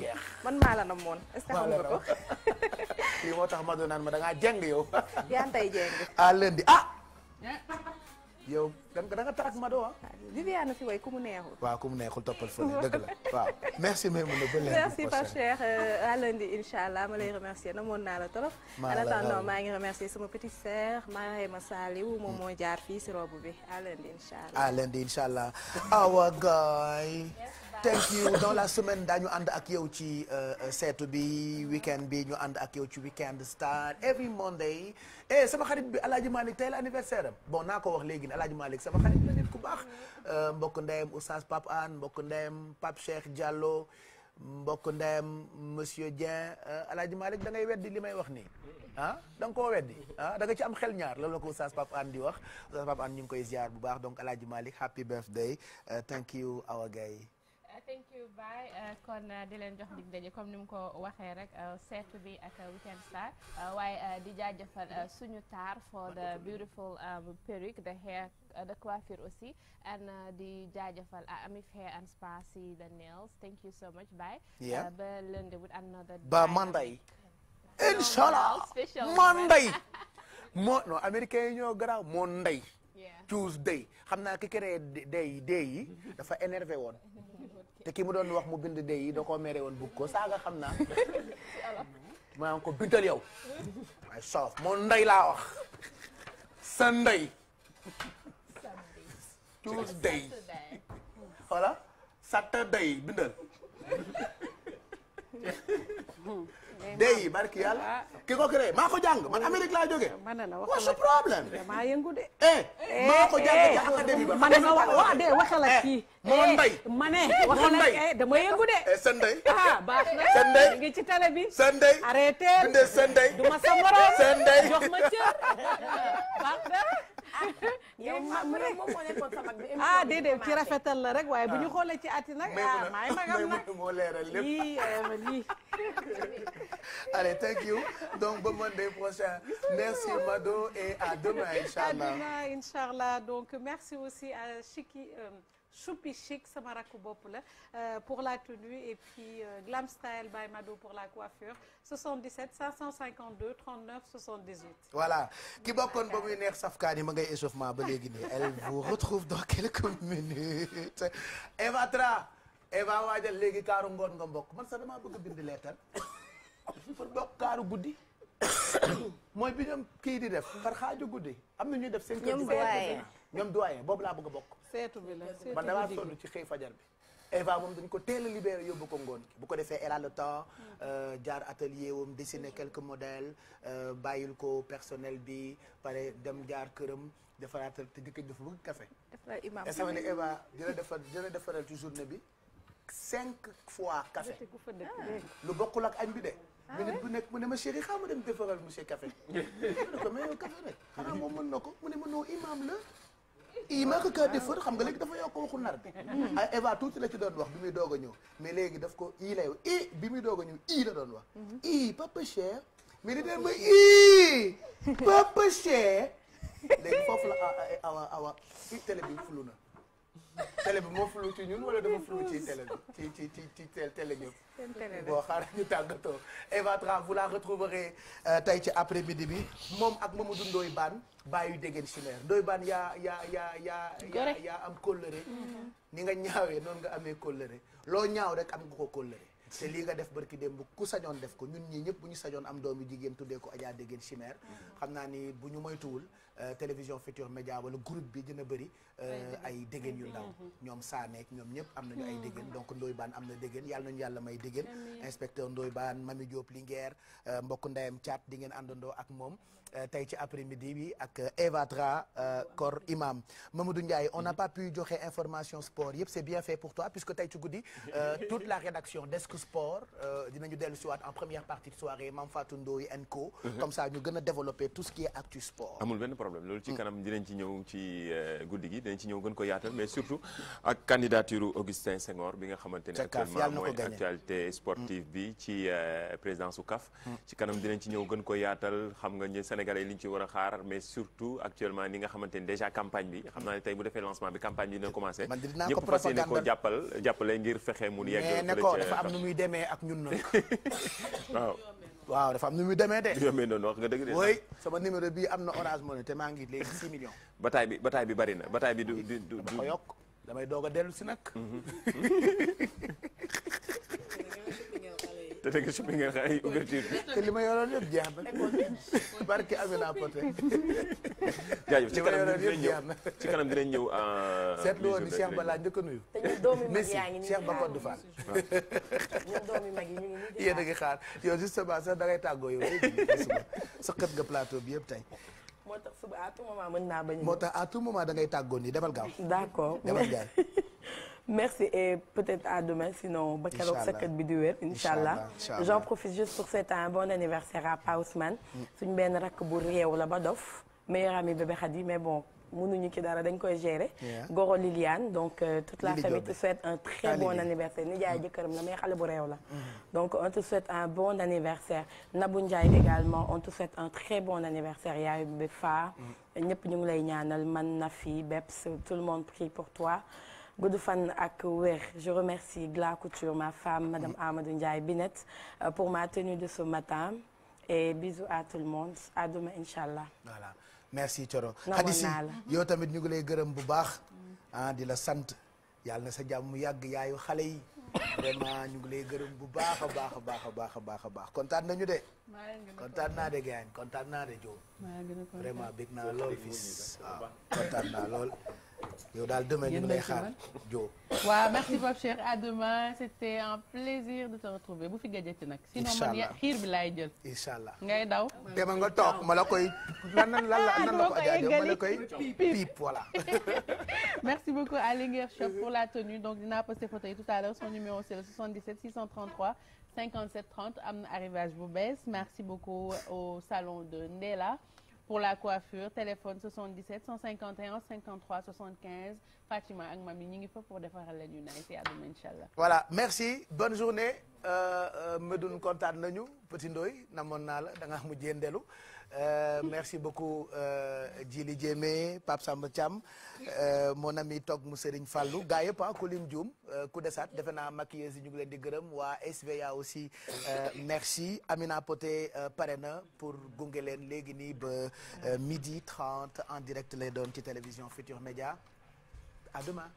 man maa la namoon [LAUGHS] lii moo tax ma doon ma da ngaa jàng yow. yaa ngi tey jàng. à ah. Eh. yow da nga taag Mado ah. Viviane fi way ku mu neexul. waaw ku mu neexul toppal fële dëgg la [LAUGHS] merci Maimouna ba léegi merci Pape Cheikh euh, à lundi incha allah ma lay remercier namoon naa la trop. maa la attendant maa ngi remercier sama petite sœur Marema Saliou mm. moo jaar fii si bi à lundi incha allah. à lundi incha awa gaay. thank la semaine daañu ànd ak yow ci euh, euh, seetu bi weekend bi ñu ànd ak yow ci weekend star eh, sama xarit bi Alaaji Malick tey la naa ko wax léegi ne Alaaji Malick sama ku baax euh, mbokk ndeyam Oustaz Pape Anne mbokk ndeyam Pape Cheikh Diallo mbokk ndeyam monsieur Dieng Alaaji Malick da ngay weddi li may wax nii ah da ah, ci am xel ñaar loolu la ko Oustaz Pape Anne di wax Oustaz Pape ñu ngi koy ziar bu baax donc Alaaji Malick happy birthday thank you thank you euh, kon euh, di leen jox dig daje comme ni mu ko waxee rek euh, seetu bi ak Weekend Star waaye di jaajëfal suñu taar for the beautiful um, perruque the hair the coiffure aussi and di jaajëfal uh, Amif Hair and Spa si the nails thank you so much bye ba lundi with another ba inshallah [LAUGHS] Monday [LAUGHS] Tuesday xam na ki créé day day yi dafa énervé woon [LAUGHS] te ki mu doon wax mu bind dee yi da koo mere woon bugg saaga xam naa [LAUGHS] maanaam ko bintal yow waaye soof wax sa Tuesday voilà Saturday bindal [LAUGHS] day barki yàlla ah, ah. ki ko créé maa ko jàng man Amérique laa jógee. man la wax su problème. damaa yëngu de. Eh, eh, maa ko jàng eh. ma wax de waxal ak ma ne. waxal ak dama yëngu de. sën Ndeye. [LAUGHS] ah baax na sën Ndeye ngi ci télé bi. sën Ndeye arrêté. du ma sa morom. sën Ndeye jox ma cër [LAUGHS] baax na. [LAUGHS] yow maam rek moom moo nekkoon sa mag bi. ah déedéet ci rafetal la rek waaye bu ñu ah. xoolee ci ati nag. ah maa ngi magam nag moo leeral lépp lii eh, lii. [LAUGHS] allez thank you donc ba Monday prochain merci Mado et à demain incha allah à demain incha allah donc merci aussi à Chiki. Euh, choupi chic sama rakku bopp la euh, pour la tenue et puis euh, glam style by Mado pour la coiffure 77 552 39 78. voilà ki bokkoon ba muy neex safkaani ma ngay échauffement ba léegi nii elle vous [LAUGHS] retrouve dans quelques minutes Eva Tra Eva waajal léegi kaaru ngoon nga mbokk man sax damaa bëgg a bind leetal pour bokk kaaru guddi. [COUGHS] mooy bi ñoom kii di def. par xaaju guddi am na ñuy def. cinq heures ñoom doyen boobu laa bëgg bokk. seetu bi la seetu man damaa sonn ci xëy fajar bi. Eva moom dañ ko teel a libéré yóbbu ko ngoon bu ko defee elle a le temps euh, jaar atelier wam dessiner quelques modèles euh, bàyyil ko personnel bi pare dem jaar këram defaraatal te jëkkër dafa bëgg café. defaral imaam sama ne Eva dina defar dina defaral ci journée bi cinq fois café ah. lu bokkul ak añ bi de. Ah minute bu nekk mu ne ma chérie xaaral ma dem defaral monsieur café. [LAUGHS] mu ne ko ah. mën na ko mu ne ma noo imaam la. i maa ko kaa defoon xam nga léegi dafa yokk waxu nar bi ay ah, Eva tuuti la ci doon wax bi muy doog a ñëw mais léegi daf ko i lay i bi muy doog a ñëw i la doon wax mhm. i papa cher mais li deen ma i papa cher léegi foofu la awa awa i télé bi fulu na télé bi moo flou ci ñun wala dafa flou ci télé bi ci ci ci télé ñëpp. seen télé bon xaaral ñu tàggatoo. Eva Tra vous la retrouverez euh, tey ci après midi bi moom ak Mamadou Ndoye Bane bàyyi dégg si maire Ndoye Bane yaa yaa yaa yaa yaa am kóllëre. Mm-hmm. ni nga ñaawee noon nga amee kóllëre loo ñaaw rek am nga ko kóllëre. te lii nga def dem démb ku sañoon def ko ñun ñii ñëpp bu ñu sañoon am doomu jigéen tuddee ko Adja Déguène Chimère mm-hmm. xam naa ni bu ñu moytuwul euh, télévision Futurs Médias wala groupe bi dina bëri euh, ay déggéen yu ndaw mm-hmm. ñoom saa saaneek ñoom ñëpp am nañu ay mm-hmm. déggéen donc Ndoye Bane am na déggéen yàlla nañu yàlla may déggéen inspecteur Ndoye Bane Mami Diop Linguère euh, mbokk ndeyam Thiat di ngeen àndandoo ak moom Euh, tey ci après midi bi ak euh, Eva Tra Kor euh, Imam Mamadou Ndiaye on n'a pas pu joxe information sport yëpp c'est bien fait pour toi puisque tey ci guddi [LAUGHS] toute la rédaction Desk Sport dinañu dellu si en première partie de soirée Mame Fatou Ndoye and mhm. comme ça ñu gën a développer tout ce qui est actu sport. amul benn problème loolu ci mm. kanam dinañ ci ñëw ci guddi gi dinañ ci ñëw gën ko yaatal mais surtout ak candidature Augustin Senghor bi nga xamante ne actuellement mooy actualité sportive mm. ci présidence u CAF. Mm. ci kanam sénégalais li ci war a xaar mais surtout actuellement ni nga xamante déjà campagne bi xam naa ne tey bu defee lancement bi campagne bi dina commencé ñëpp fas yéene ko jàppal jàppale ngir fexe mu ne ko dafa am nu muy demee ak ñun nag [LAUGHS] waaw waaw dafa am nu muy demee de. yombé [LAUGHS] noonu wax nga dëgg de. oui sama numéro bii am na orange money te maa ngi léegi 6 millions. bataay bi bataay bi bari na bataay bi du du du. dama ko damay doog a dellu si nag. Mhm. [LAUGHS] te da nga suppi ay ouverture te li ma yoroon jeex na barke Amina Poté jaajëf ci kanam dinañ ñëw ci kanam dinañ ñëw euh, [LAUGHS] seetlu woon ni Cheikh Ba laa njëkk a nuyu te ngi Cheikh Ba Kodou Fall [LAUGHS] ñun doomi mag yi ñu ngi [LAUGHS] yéen a ngi xaar yow justement da ngay tàggoo yow suba sëqat nga plateau bi yëpp tey moo tax suba a tout moment mën naa bañ moo tax à tout moment da ngay tàggoo nii demal gaaw d'accord demal merci et peut-être à demain sinon ba keroog sa kër bi di wér incha allah j'en profite juste pour souhaiter un bon anniversaire à Pa Ousmane mm. suñ benn rakk bu réew la ba dof meilleur ami bébé Khady mais bon nu ñu ci dara dañ koy gérer Goro Liliane donc euh, toute la famille te souhaite un très bon anniversaire ni jaay jëkkëram la mais xale bu réew la mm-hmm. donc on te souhaite un bon anniversaire bu Ndiaye également on te souhaite un très bon anniversaire yaayu bébé Fa mm. ñëpp ñu ngi lay ñaanal man na fi Beps tout le toi gudd fan ak wér je remercie Gla Couture ma femme madame Amadou Ndiaye Binette euh, pour ma tenue de ce matin et bisous à tout le monde à demain inchallah voilà merci Thioro Khadisi yow tamit ñu ngi lay gërëm bu baax ah di la sant yàlla na sa jàmm yàgg yaayu xale yi vraiment ñu ngi lay gërëm bu baax a baax a baax a baax a baax a baax kontaan nañu de kontaan naa de gaañ kontaan naa de Diop vraiment bég naa lool fils waaw ah, kontaan naa lool yow daal demain ñu ngi lay xaar jo waaw merci Pape Cheikh à demain c'était un plaisir de te retrouver bu fi gëjati nag sinon man xiir bi laay jël incha allah ngay daw demal nga toog ma la koy lan nan lan la nan [LAUGHS] la ko ajaajo ma la koy piip voilà [LAUGHS] merci beaucoup à Linguère Shop pour la tenue donc dinaa poster photo yi tout à l'heure son numéro c'est le 77 633 57 am na arrivage bu bees merci beaucoup au salon de Ndela pour la coiffure téléphone 77 151 53 75 Fatima ak mami ñu ngi fa pour defaral ni yu naay si àdduma incha allah. voilà merci bonne journée euh, euh, Medoune kontaan nañu Petit Ndoy namoon naa la da ngaa mujjee ndelu Euh, merci beaucoup euh, Djili Diémé Pape Samba Thiam euh, mon ami toog mu Serigne Fallou yëpp ah ku lim Dioum ku euh, desaat defe naa maquilleuse yi ñu ngi leen di gërëm waa SVA aussi merci Amina Poté pare na pour gunge leen léegi nii ba midi 30 en direct lay doon ci télévision Futur Média à demain